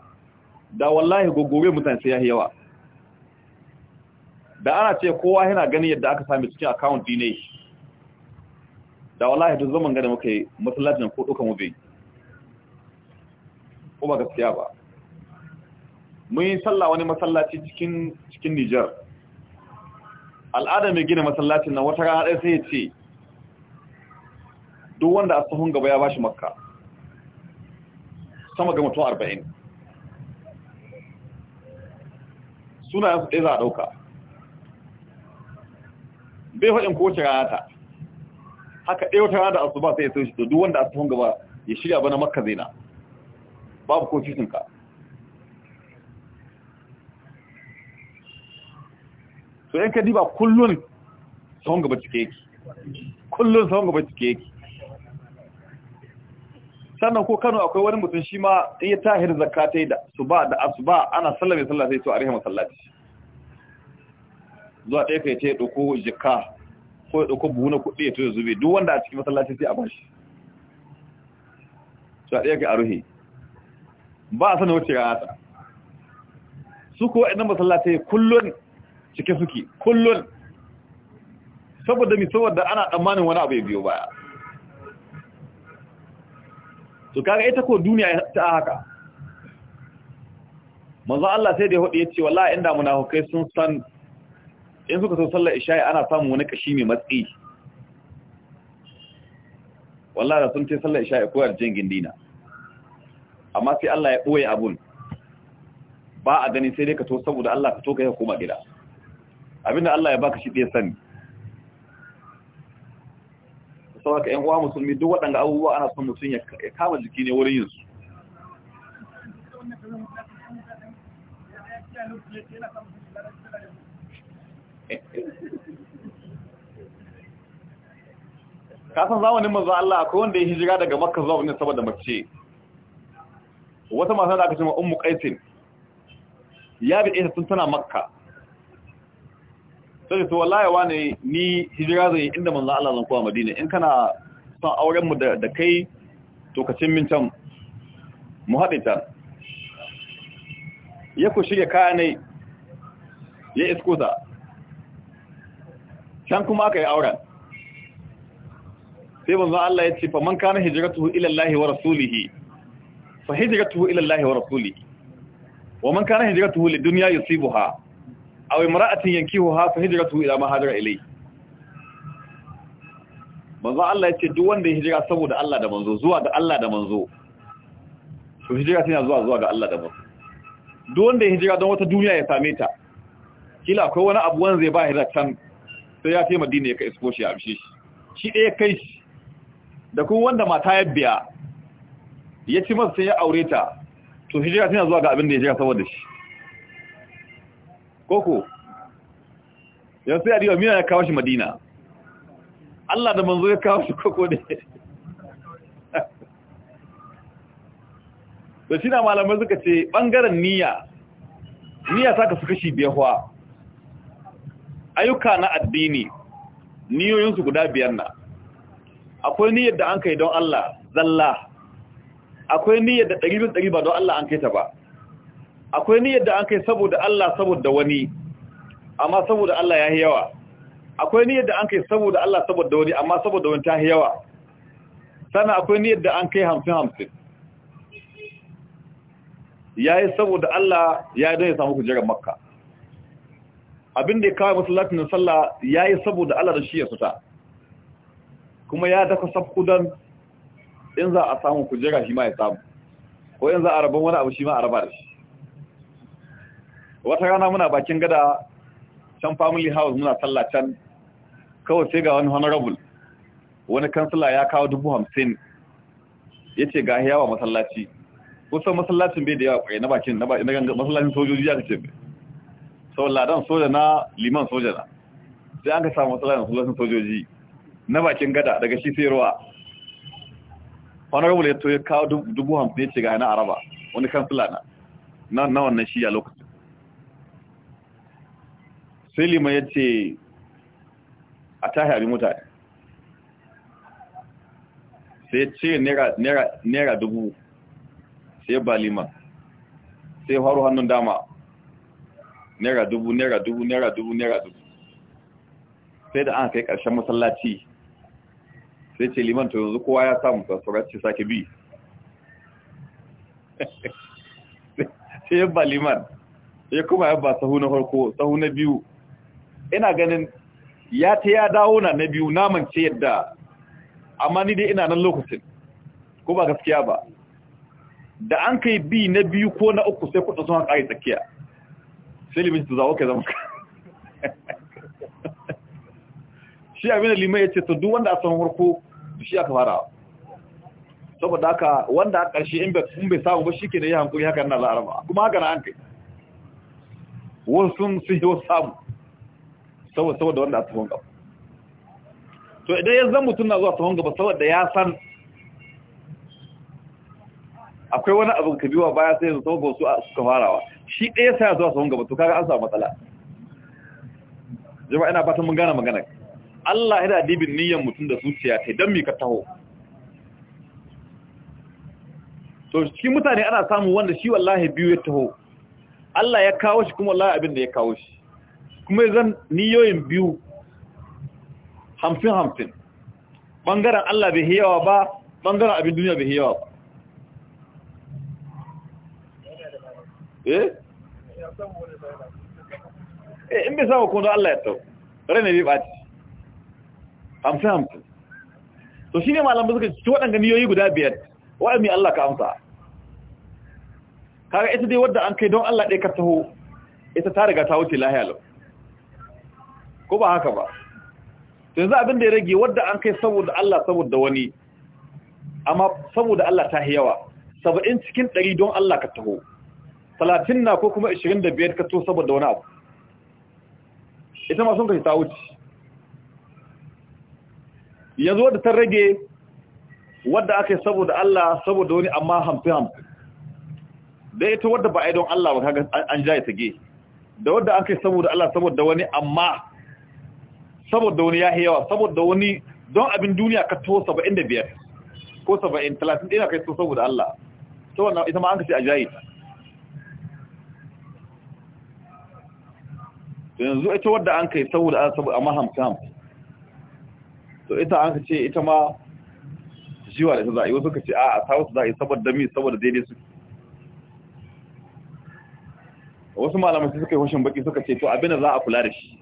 da wallahi gogobe mutane sai ya yawa da ana ce kowa yana ganin yadda aka sami cikin account ne. da wallahi duk zaman gane muka yi masallacin ko dukan mu ko ba gaskiya ba mun yi sallah wani masallaci cikin cikin Niger al'ada mai gina masallacin nan wata rana ɗaya sai ya ce duk wanda a gaba ya bashi makka sama ga mutum arba'in suna yansu ɗaya za a ɗauka bai haɗin kowace rana ta haka ɗaya wata rana da asuba sai ya sai da duk wanda asuban gaba ya shirya bana makka zaina babu ko cikinka to yan diba kullun sahun gaba cike yake kullun sahun gaba cike yake sannan ko Kano akwai wani mutum shi ma iya ya tahir Zakatai da suba da asuba ana sallame sallah sai to a rihe masallaci zuwa ɗaya kai ce ɗauko ko ya ɗauko buhuna kuɗi ya tuyo zube duk wanda a cikin masallaci sai a bashi zuwa ɗaya kai a ruhe ba a sanin wacce ga ta su ko waɗannan masallatai kullun cike suke kullun saboda mi saboda ana tsammanin wani abu ya biyo baya to kaga ita ko duniya ta haka manzo Allah sai da ya hudu yace wallahi inda munafikai sun san in suka so sallar isha'i ana samu wani kashi mai matsi wallahi da sun ce sallar isha'i ko arjin gindina amma sai Allah ya boye abun ba a gani sai dai ka to saboda Allah ka to kai hukuma gida abinda Allah ya baka shi dai sani saboda ƴan uwa musulmi duk waɗanda abubuwa ana son mutum ya kama jiki ne wurin yinsu kasan zamanin manzo Allah akwai wanda ya hijira daga Makka zuwa wani saboda mace wata mata da aka ce ma Ummu ya bi ɗaya tun tana Makka sai to wallahi wani ni hijira zan yi inda manzo Allah zan kowa Madina in kana son auren mu da kai to ka cin min can mu haɗe ta ya ku shirya kaya ne ya isko ta can kuma aka yi auren sai manzo Allah ya ce fa man kana hijratuhu ila Allah wa rasulih fa hijratuhu ila Allah wa rasulih wa man kana hijratuhu lidunya yusibuha aw imra'atin yankihuha fa hijratuhu ila ma hajara ilayhi manzo Allah yace duk wanda ya hijira saboda Allah da manzo zuwa ga Allah da manzo to hijira tana zuwa zuwa ga Allah da manzo duk wanda ya hijira don wata duniya ya same ta kila akwai wani abu wanda zai ba hijira can sai ya taimaka Madina ya kai isko shi a bishe shi shi ɗaya kai shi da kuma wanda mata ya biya ya ci masa sai ya aure ta to hijira tana zuwa ga abin da ya hijira saboda shi koko yau sai a riwa mina ya kawo shi madina Allah da manzo ya kawo shi koko ne da [LAUGHS] shi na malamai suka ce ɓangaren niyya niyya ta kasu kashi biyahwa ayyuka na addini niyoyinsu guda biyar na akwai niyyar da an kai don Allah zalla akwai niyyar da ɗari ɗari ba don Allah an kai ta ba akwai niyyar da an kai saboda Allah saboda wani amma saboda Allah ya yawa akwai niyyar da an kai saboda Allah saboda wani amma saboda wani ta yawa sannan akwai niyyar da an kai hamsin hamsin ya yi saboda Allah ya yi don ya samu kujerar makka abin da ya kawo latin sallah ya yi saboda Allah da shi ya suta kuma ya dafa sabkudan in za a samu kujera shi ma ya samu ko in za a rabon wani abu shi ma a raba da shi wata rana muna bakin gada can family house muna sallah can kawai sai ga wani honorable wani kansila ya kawo dubu hamsin ya ce ga yawa masallaci kusan masallacin bai da yawa kwaye na bakin na masallacin sojoji ya ce sau ladan soja na liman soja na sai an ka samu masallacin sojoji na bakin gada daga shi sai ruwa honorable ya to ya kawo dubu hamsin ya ce ga yana araba wani kansila na na wannan shi a lokacin sai liman ya ce a ta abin mutane sai ce naira dubu sai ba sai haru hannun dama naira dubu naira dubu naira dubu naira dubu sai da an kai karshen masallaci sai ce liman to yanzu kowa ya samu tsasurarci sake bi [LAUGHS] sai yabba liman sai kuma yabba sahu na farko sahu na biyu ina ganin ya ta ya dawo na na biyu naman ce yadda amma ni dai ina nan lokacin ko ba gaskiya ba da an kai bi na biyu ko na uku sai kudin sun haƙari tsakiya sai limin su zawo kai zama [LAUGHS] shi abin da limai ya ce to wanda a saman farko shi aka fara saboda haka wanda a ƙarshe in bai samu ba shi ke da yi hankali haka yana la'arama kuma haka na an kai wasu sun yi wasu samu saboda wanda a tuhon gaba to idan ya zan mutum na zuwa tuhon gaba saboda ya san akwai wani abin ka biwa baya sai yanzu saboda su suka farawa shi ɗaya sai zuwa tuhon gaba to kaga an samu matsala jama'a ina fatan mun gane magana Allah yana dibin niyyar mutum da zuciya ta dan mi ka taho to cikin mutane ana samu wanda shi wallahi biyu ya taho Allah ya kawo shi kuma wallahi abin da ya kawo shi kuma ya zan niyoyin biyu hamsin-hamsin ɓangaren Allah bai yawa ba ɓangaren abin duniya bai yawa ba eh? eh in bai samu kundin Allah ya tau rai ne bai ɓaci hamsin-hamsin to shi ne malamai suka ci waɗanda niyoyi guda biyar wa'ai mai Allah ka amsa kaga ita dai wadda an kai don Allah ɗai ka taho ita ta riga ta wuce lahiya lau ko ba haka ba yanzu abin da ya rage wadda an kai saboda Allah saboda wani amma saboda Allah ta yi yawa saba'in cikin ɗari don Allah ka taho talatin na ko kuma ishirin da biyar ka to saboda wani abu ita ma sun kai ta wuce yanzu wadda ta rage wadda aka yi saboda Allah saboda wani amma hamfi hamfi da ita wadda ba a yi don Allah ba kaga an jaye ta ge da wadda aka yi saboda Allah saboda wani amma saboda wani ya yawa saboda wani don abin duniya ka to saba'in da biyar ko saba'in talatin ɗina kai so saboda Allah to wannan ita ma an ka ce a jayi to yanzu ita wadda an kai saboda an saboda amma hamsin to ita an ka ce ita ma jiwa da ta za a yi wasu ka ce a a sawa su za a yi saboda mi saboda daidai su wasu malamai suka yi hushin baki suka ce to abin da za a kula da shi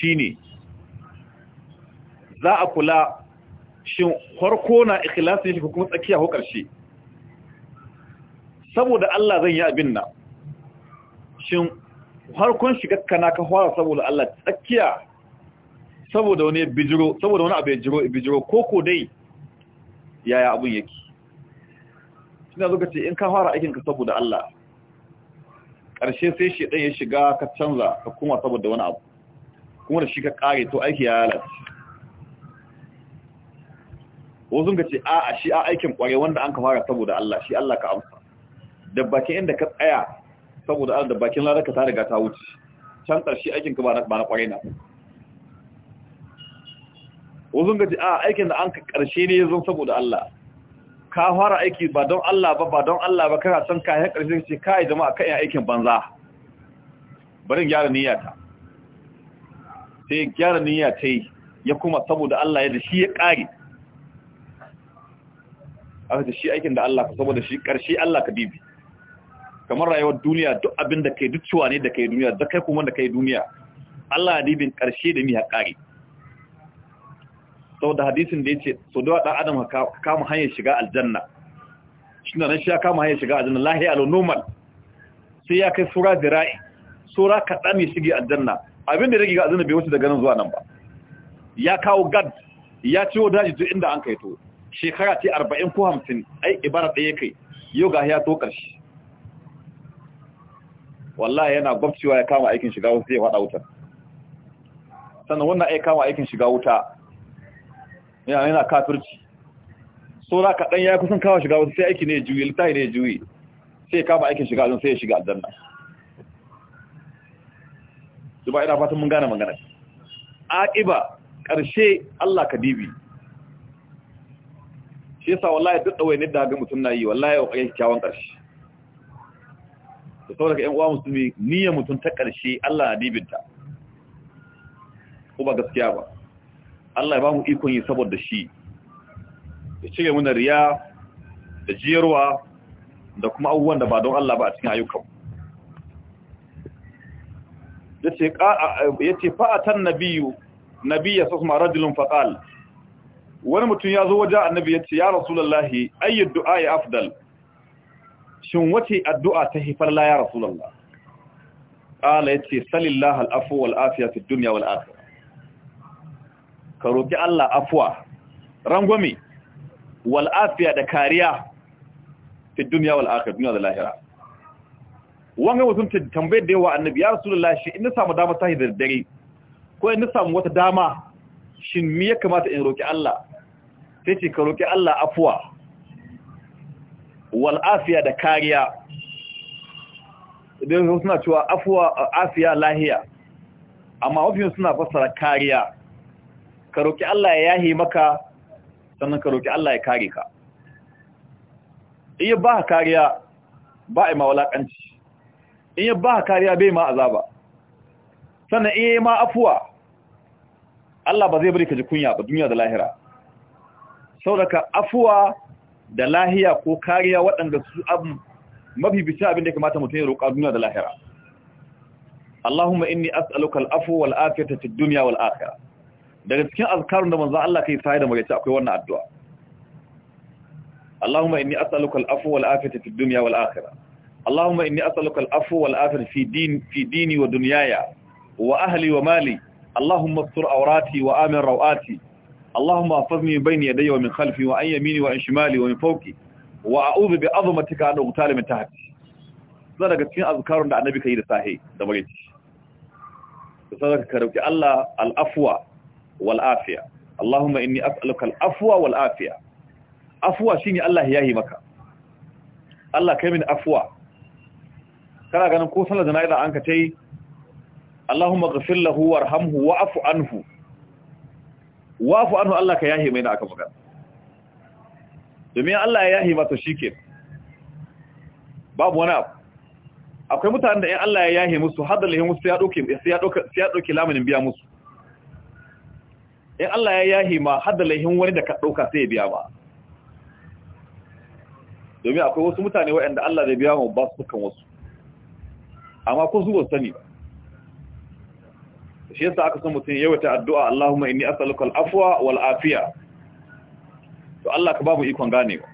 shine za a kula shin farko na ikilasin shi kuma tsakiya ko ƙarshe saboda Allah zan yi abin nan shin farkon shigakka na ka fara saboda Allah tsakiya saboda wani bijiro saboda wani abu ya jiro bijiro koko dai yaya abun yake shine zo kace in ka fara aikin ka saboda Allah ƙarshe sai shedan ya shiga ka canza ka kuma saboda wani abu kuma da shi ka kare to aiki ya lalace sun ka ce a a shi a aikin kware wanda an ka fara saboda Allah shi Allah ka amsa da bakin inda ka tsaya saboda Allah da bakin ladar ka ta riga ta wuce can tsarshi aikin ka ba na kware na sun ka ce a aikin da an ka karshe ne ya zo saboda Allah ka fara aiki ba don Allah ba ba don Allah ba kana ka kayan karshe ce kai jama'a kan aikin banza barin gyara niyyata sai gyara niyya ta yi ya kuma saboda Allah ya da shi ya ƙari aka da shi aikin da Allah ka saboda shi ƙarshe Allah ka bibi kamar rayuwar duniya duk abin da kai duk ne da kai duniya da kai kuma da kai duniya Allah ya bibin ƙarshe da mi ya ƙari saboda hadisin da ya ce so da waɗa adam ka kama hanyar shiga aljanna shi na nan shi ya kama hanyar shiga aljanna lahiya alo normal sai ya kai sura zira'i sura kaɗan ya shige aljanna abin da rage ga azumin bai wuce daga nan zuwa nan ba ya kawo gad ya ciwo daji duk inda an kai to shekara ce 40 ko 50 ai ibara ɗaya kai yau ga ya to karshe wallahi yana gwabcewa ya kama aikin shiga wuta ya faɗa wuta sannan wannan ai kama aikin shiga wuta ya yana kafirci ka kaɗan ya kusan kawo shiga wuta sai aiki ne ya juyi littafi ne ya juyi sai ya kama aikin shiga wuta, sai ya shiga aljanna ba ina fatan mun gane magana aqiba karshe Allah kadibi shi yasa wallahi duk da ne da ga mutun nayi wallahi ya kai kyawun karshe to saboda ka ƴan uwa musulmi niyya mutun ta karshe Allah na dibinta ko ba gaskiya ba Allah ya ba mu ikon yi saboda shi ya mu da riya da jiyarwa da kuma abubuwan da ba don Allah ba a cikin ayyukanmu Ya ce fa'atan nabiyyu nabiyya ma rajulun faqal wani mutum ya zo waje annabi ya ce ya rasulullahi ayyud du'a ya afdal shin wace addu'a ta hifar la ya rasulullah qala yace salillah al'afu wal afiya fi duniya wal akhirah ka roƙi Allah afuwa, rangwami, wal afiya da kariya fi duniya wal akhirah dunya da lahira wanga mutum tambayar da yawa annabi ya rasulullah shi in na samu dama tahi da dare ko in na samu wata dama shin mi ya kamata in roƙi Allah sai ce ka roƙi Allah afuwa wal afiya da kariya idan suna cewa afuwa afiya lahiya amma wafin suna fassara kariya ka roƙi Allah ya yahi maka sannan ka roƙi Allah ya kare ka iya ba kariya ba a yi mawalaƙanci in yi ba kariya bai ma azaba sannan in yi ma afuwa Allah ba zai bari ka ji kunya ba duniya da lahira Sau saboda afuwa da lahiya ko kariya waɗanda su abu mafi bisa abin da ya kamata mutum ya roƙa duniya da lahira Allahumma inni as'aluka al-afwa wal afiyata fid dunya wal akhirah daga cikin azkarun da manzo Allah kai sai da magace akwai wannan addu'a Allahumma inni as'aluka al-afwa wal afiyata fid dunya wal akhirah Allahumma inni as'aluka al-afwa wal afiyata fi din fi dini wa dunyaya wa ahli wa mali Allahumma astur awrati wa amin rawati Allahumma hafizni bayni yadayya wa min khalfi wa an yamini wa an shimali wa min fawqi wa a'udhu bi 'azmatika an ughtala min tahti sai daga cikin azkarun da annabi kai da sahi da magrici sai ka roki Allah Allahumma inni maka Allah min afwa kana ganin ko sallar jana'iza an ka ce Allahumma ghfir lahu warhamhu wa'fu anhu wa'fu anhu Allah ka yahi mai da aka magana domin Allah ya yahi mata shike babu wani abu akwai mutanen da in Allah ya yahi musu hadalihin musu ya doke ya doke ya doke laminin biya musu in Allah ya yahi ma hadalihin wani da ka dauka sai ya biya ba domin akwai wasu mutane waɗanda Allah zai biya mu ba su kan wasu amma kun su sani ba shi yasa aka san mutum yawaita addu'a Allahumma inni as'aluka al-afwa wal afiya to Allah ka babu ikon gane ba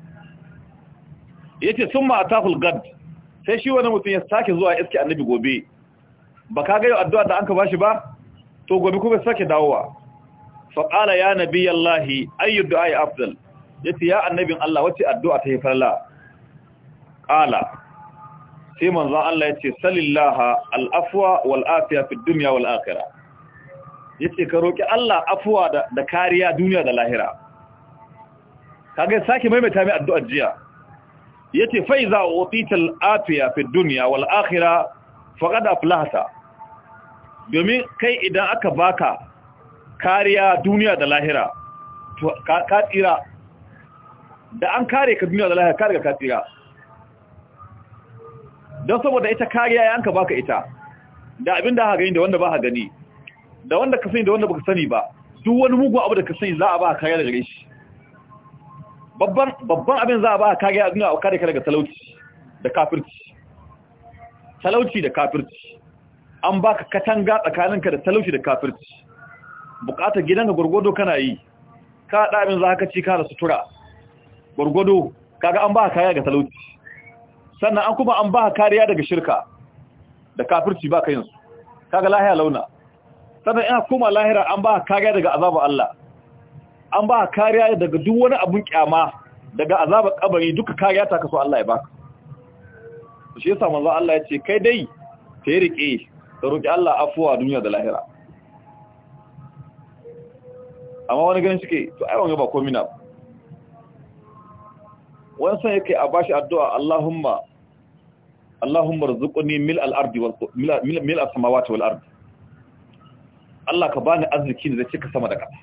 yace summa atahul gad sai shi wani mutum ya sake zuwa iske annabi gobe ba ka ga addu'a da anka bashi ba to gobe kuma sake dawowa fa qala ya nabiyallahi ayyu du'a afdal yace ya annabin Allah wace addu'a ta yi farla qala sai manzan Allah ya ce salillaha al’afuwa wal’afiya afiya duniya dunya ya ce ka roƙi Allah afuwa da, kariya duniya da lahira ya sake maimaita mai addu'ar jiya yace fa iza utita al afiya fi duniya wal faga da aflahta domin kai idan aka baka kariya duniya da lahira to ka tsira da an kare ka duniya da lahira kare ka tsira don saboda ita kariya ya yanka baka ita da abin da haka yin da wanda ba gani da wanda ka sani da wanda baka sani ba duk wani mugun abu da ka sani za a ba kariya daga shi babban abin za a ba kariya a duniya a kare ka daga talauci da kafirci talauci da kafirci an baka katanga tsakaninka da talauci da kafirci bukatar ga gwargwado kana yi ka da abin za ka ci ka da sutura gwargwado kaga an ba kariya ga talauci sannan an kuma an ba kariya daga shirka da kafirci ba ka yinsu kaga lahiya launa sannan ina kuma lahira an ba kariya daga azabar Allah an ba kariya daga duk wani abun kyama daga azabar kabari duka kariya ta kaso Allah ya baka shi yasa manzo Allah ya ce kai dai ta yi rike ka roki Allah afuwa duniya da lahira amma wani ganin suke to ai wanga ba komai na ba. wani yake a bashi addu'a Allahumma Allahumma rzuqni mil al-ardi wal mil mil as-samawati wal Allah ka bani arziki da zai cika sama da ƙasa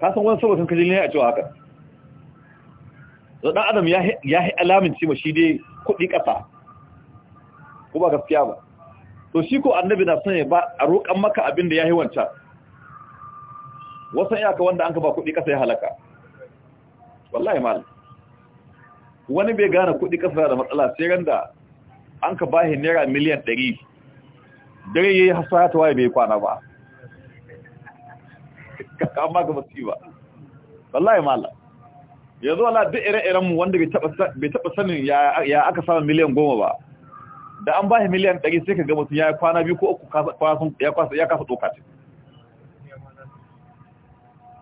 ka san wani saboda kaje ne a cewa haka dan adam ya ya alamin cewa shi dai kudi ƙasa ko ba gaskiya ba to shi ko annabi na sanya ba a roƙan maka abin da yi wancan wasan iyaka wanda an ka ba kudi ƙasa ya halaka wallahi mal wani bai gane kuɗi kasa da matsala sai randa an ka bahi naira miliyan ɗari dare ya yi ta waye bai kwana ba kaka amma ga basu ba wallahi mala yanzu wala duk ire-iren mu wanda bai taɓa sanin ya aka samu miliyan goma ba da an bahi miliyan ɗari sai ka ga mutum ya kwana biyu ko uku ya kasa ɗokatin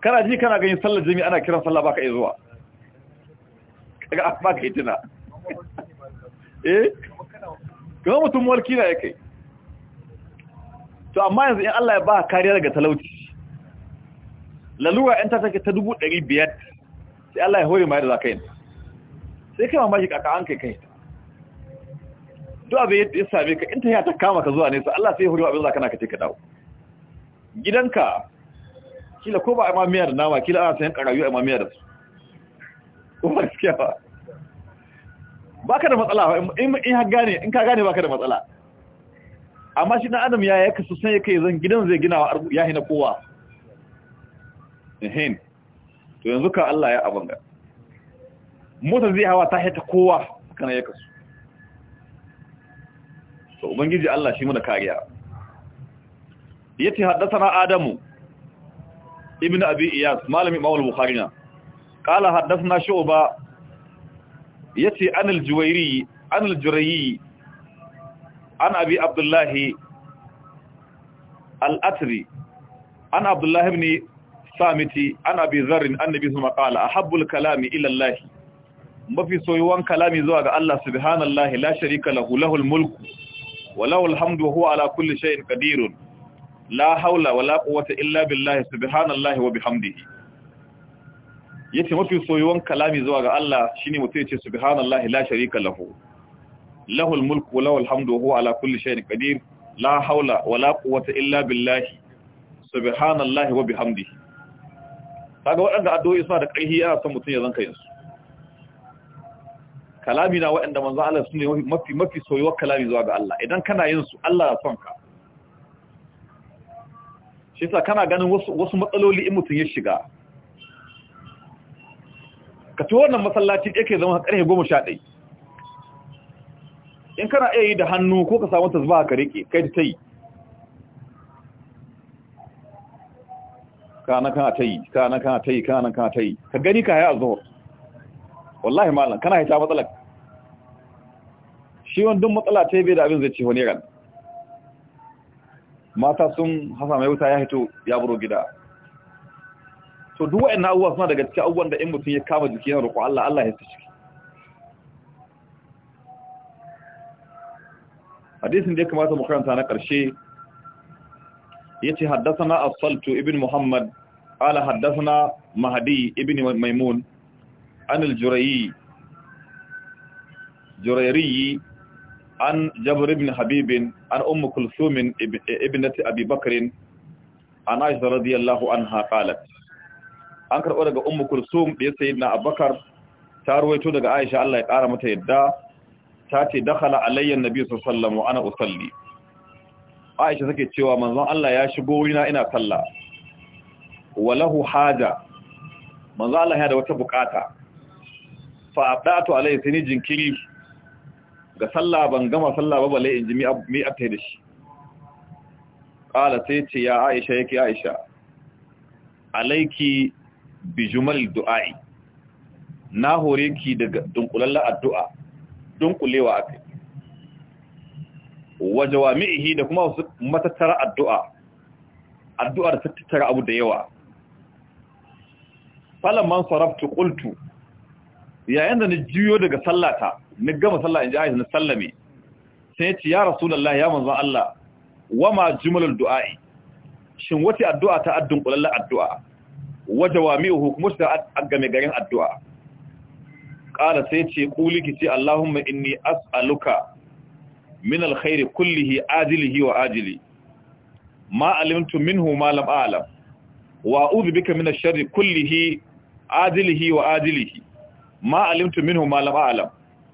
kana ji kana ganin sallar jami'a ana kiran sallah baka iya zuwa kaga an maka hitina eh kuma mutum walki na kai. to amma yanzu in Allah ya ba kariya daga talauci laluwa yan ta take ta dubu ɗari biyar sai Allah ya hori ma yadda za ka yi sai kai mamaki kaka an kai kai duk abin ya same ka in ta ya kama ka zuwa nesa Allah sai ya hori abin za ka na ka ce ka dawo gidanka kila ko ba a imamiyar da nama kila ana sayan karayu a imamiyar su gaskiya ba baka da matsala in in gane in ka gane baka da matsala amma shi dan adam ya yaka su sai kai zan gidan zai gina wa ya hina kowa ehin to yanzu ka Allah ya abanga motar zai hawa ta hita kowa kana yaka su to ubangiji Allah shi muna kariya yace haddathana adamu ibnu abi iyas malami imam al-bukhari qala haddathana shu'ba ya an al an al an abi al-atri an abdullah ibn samiti an abi dharr annabi su makala a habbul kalami ilallahi mafi soyuwan kalami zuwa ga Allah subhanallahi la sharika lahu lahul mulku wa lahul hamdu huwa ala kulli shay'in qadirun la hawla wa la quwwata illa billahi subhanallahi wa bihamdihi yace mafi soyuwan kalami zuwa ga Allah shine mutum yace subhanallahi la sharika lahu lahul mulku wa lahul hamdu wa huwa ala kulli shay'in qadir la haula wa la quwwata illa billahi subhanallahi wa bihamdihi kaga waɗanda addu'o'i suna da ƙarfi ana son mutum ya zanka yansu kalami na waɗanda manzo Allah sune mafi mafi soyuwar kalami zuwa ga Allah idan kana yin su Allah ya son ka shi yasa kana ganin wasu wasu matsaloli in mutum ya shiga ka ci wannan masallaci yake zama karfe goma sha ɗai in kana iya yi da hannu ko ka samu ta zuba ka riƙe kai da ta yi kana kana ta yi kana kana ta yi kana kana ta yi ka gani ka yi a zuwa wallahi malam kana haita matsalar shi wani duk matsala ta yi bai da abin zai ce wani ran mata sun hasa mai wuta ya hito ya buro gida to duk wa'annan abubuwa suna daga cikin abubuwan da in mutum ya kama jiki yana roƙo Allah Allah ya sa ciki hadisin da ya kamata mu karanta na ƙarshe yace haddathana as asfaltu ibn muhammad qala haddathana mahdi ibn maimun an al-jurayi an jabr ibn Habibin, an umm kulthum ibnati abi bakr an aisha radiyallahu anha qalat an karɓo daga ummu kulsum da ya sayi na abakar ta ruwaito daga aisha Allah ya ƙara mata yadda ta ce dakala alayyan nabi sallallahu sallama, ana usalli aisha take cewa manzon Allah ya shigo wurina ina sallah walahu haja manzon Allah ya da wata bukata fa abdatu alayhi sani jinkiri ga sallah ban gama sallah ba balai in ji mi da shi qala sai ce ya aisha yake aisha alaiki bijumal du'a'i na hore ki daga dunkulalla addu'a dunkulewa akai wa jawami'ihi da kuma wasu matattara addu'a addu'ar ta tattara abu da yawa man sarabtu qultu yayin da ni juyo daga sallata ni gama sallah inji Aisha na sallame sai ya ce ya rasulullahi ya manzo Allah Wa ma jumalul du'a'i shin wace addu'a ta addun qulalla addu'a waje wa mi'u hukumus da agame garin addu'a ƙara sai ce ƙuliki ce Allahumma inni as'aluka min alkhairi kullihi ajilihi wa ajili ma alimtu minhu malam lam a'lam wa a'udhu bika min ash-sharri kullihi ajilihi wa ajilihi ma alimtu minhu malam lam a'lam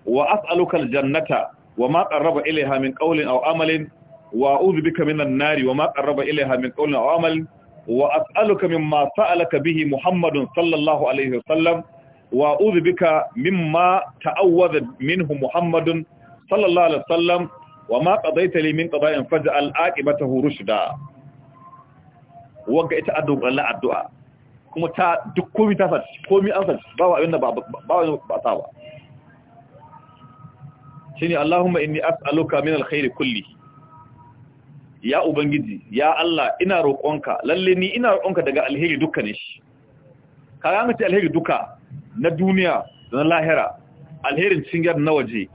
wa as'alukar jannata wa ma qarraba ilayha min qawlin aw amalin wa a'udhu bika min an-nari wa ma qarraba ilayha min qawlin aw amalin wa as'aluka mimma sa'alaka bihi Muhammadun sallallahu alaihi wasallam wa a'udhu bika mimma ta'awwadha minhu Muhammadun sallallahu alaihi wasallam wa ma qadaita li min qada'in faj'al aqibatahu rushda wanga ita addu'a Allah addu'a kuma ta duk komai ta faɗi komai an faɗi ba wa abinda ba ba ba ta ba shine Allahumma inni as'aluka min alkhairi kulli ya ubangiji ya Allah ina roƙonka lalle ni ina roƙonka daga alheri duka ne shi kaga mace alheri duka na duniya da na lahira alherin cingar na waje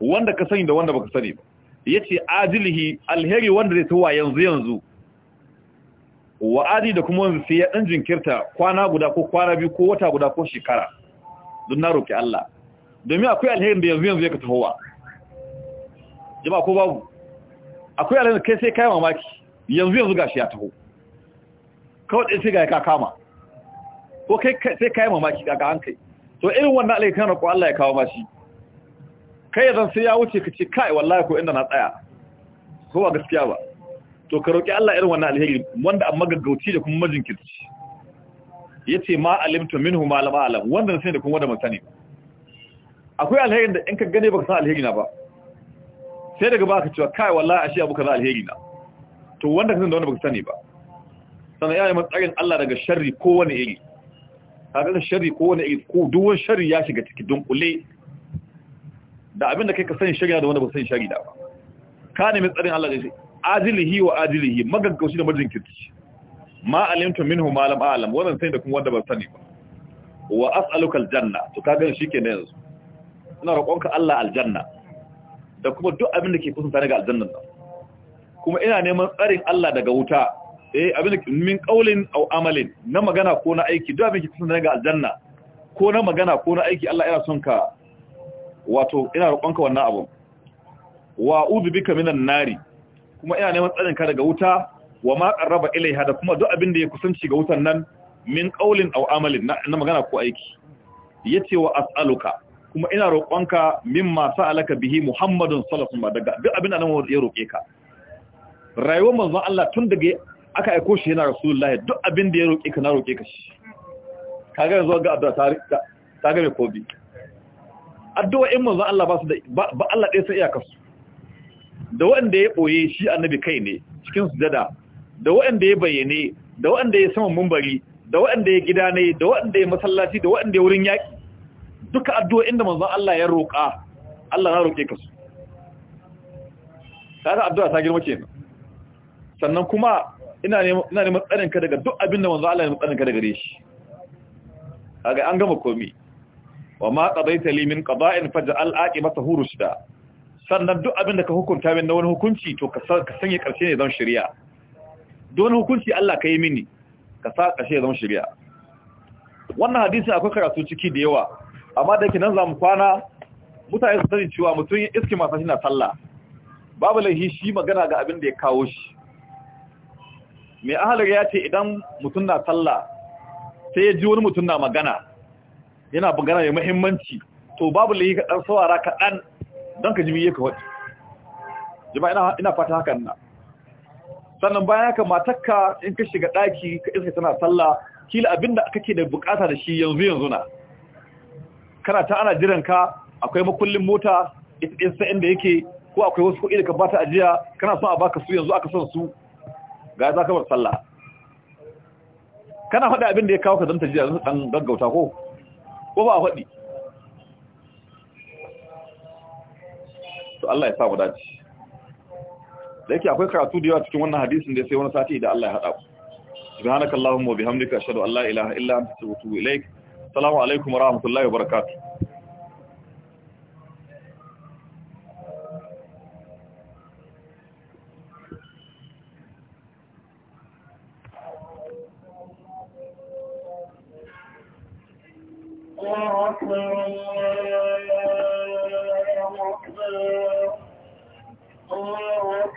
wanda ka sani da wanda baka sani ba yace ajilihi alheri wanda zai tawa yanzu yanzu wa adi da kuma wanda sai ya dan jinkirta kwana guda ko kwana biyu ko wata guda ko shekara don na roƙi Allah domin akwai alherin da yanzu yanzu ya ka jama'a ko babu akwai alamun kai sai kai mamaki yanzu yanzu gashi ya taho kawai ɗin sai ga ka kama ko kai sai kai mamaki ga kai? to irin wannan alaikan roƙo Allah ya kawo mashi kai yanzu sai ya wuce ka ce kai wallahi ko inda na tsaya ko ba gaskiya ba to ka roƙi Allah irin wannan alheri wanda amma gaggauci da kuma majinkirci yace ma alimtu minhu ma lam alam wanda sai da kuma wanda masani akwai alherin da in ka gane baka san alheri na ba sai daga ba ka cewa kai wallahi ashe abu kaza alheri na to wanda kasan da wanda baka sani ba sannan yayin matsayin Allah daga sharri ko wani iri kaga sharri ko wani iri ko duwan sharri ya shiga cikin dunkule da abin da kai ka sani shari'a da wanda baka sani shari'a ba ka nemi tsarin Allah da shi ajilihi wa azilihi magaggauci da marjin kirki ma alimtu minhu ma lam alam wannan sai da kuma wanda ba sani ba wa as'aluka aljanna to kaga shi kenan yanzu ina roƙonka Allah aljanna da kuma duk abin da ke kusanta ga aljannan nan kuma ina neman tsarin Allah daga wuta eh abin da min qaulin aw amalin na magana ko na aiki duk abin da ke kusanta ga aljanna ko na magana ko na aiki Allah yana son ka wato ina roƙonka wannan abu wa ubi bika minan nari kuma ina neman tsarin ka daga wuta wa ma qarraba ilai da kuma duk abin da ya kusanci ga wutan nan min qaulin aw amalin na magana ko aiki yace wa as'aluka kuma ina roƙonka mimma sa'alaka bihi Muhammadun sallallahu alaihi daga duk abin annabi ya roƙe ka rayuwar manzon Allah tun daga aka aiko shi yana Rasulullahi duk abin da ya roƙe ka na roƙe ka shi kaga yanzu ga addu'a ta ga kobi addu'a in manzon Allah ba su da ba Allah ɗaya sai iyakar su da wanda ya boye shi annabi kai ne cikin sujada da wanda ya bayyane da wanda ya sama mumbari da wanda ya gida ne da wanda ya masallaci da wanda ya wurin yaƙi duka addu'o inda manzon Allah ya roƙa Allah na roƙe ka su kaga addu'a ta girma kenan sannan kuma ina neman ina ka daga duk abin da manzon Allah ya neman ka daga gare shi kaga an gama komai wa ma qadaita li min qada'in faj'al huru shida. sannan duk abin da ka hukunta min na wani hukunci to ka sanya karshe ne zan shari'a don hukunci Allah ka yi mini ka sa karshe zan shari'a wannan hadisi akwai karatu ciki da yawa amma da yake nan za mu kwana mutane su sani cewa mutum ya iski masu shi na sallah babu laihi shi magana ga abin da ya kawo shi mai ahalar ya ce idan mutum na sallah sai ya ji wani mutum na magana yana magana mai muhimmanci to babu laihi ka ɗan saurara kaɗan don ka ji miye ka wata jima ina fata hakan na sannan bayan haka matakka in ka shiga ɗaki ka iska tana sallah kila abin da kake da bukata da shi yanzu yanzu na kana ta ana jiran ka akwai makullin mota ita ɗin sa'in da yake ko akwai wasu kuɗi da ka bata ajiya kana son a baka su yanzu aka son su ga za ka bar sallah kana faɗa abin da ya kawo ka zanta jiya dan ɗan gaggauta ko ko ba a faɗi to Allah ya sa mu dace da yake akwai karatu da yawa cikin wannan hadisin da sai wani sati da Allah ya haɗa ku subhanakallahumma wa bihamdika ashhadu an la ilaha illa anta astaghfiruka wa atubu ilaik assalamu alaikum warahmatullahi wabarakatuh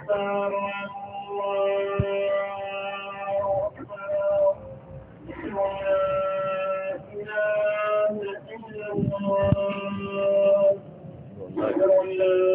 Thank you. الله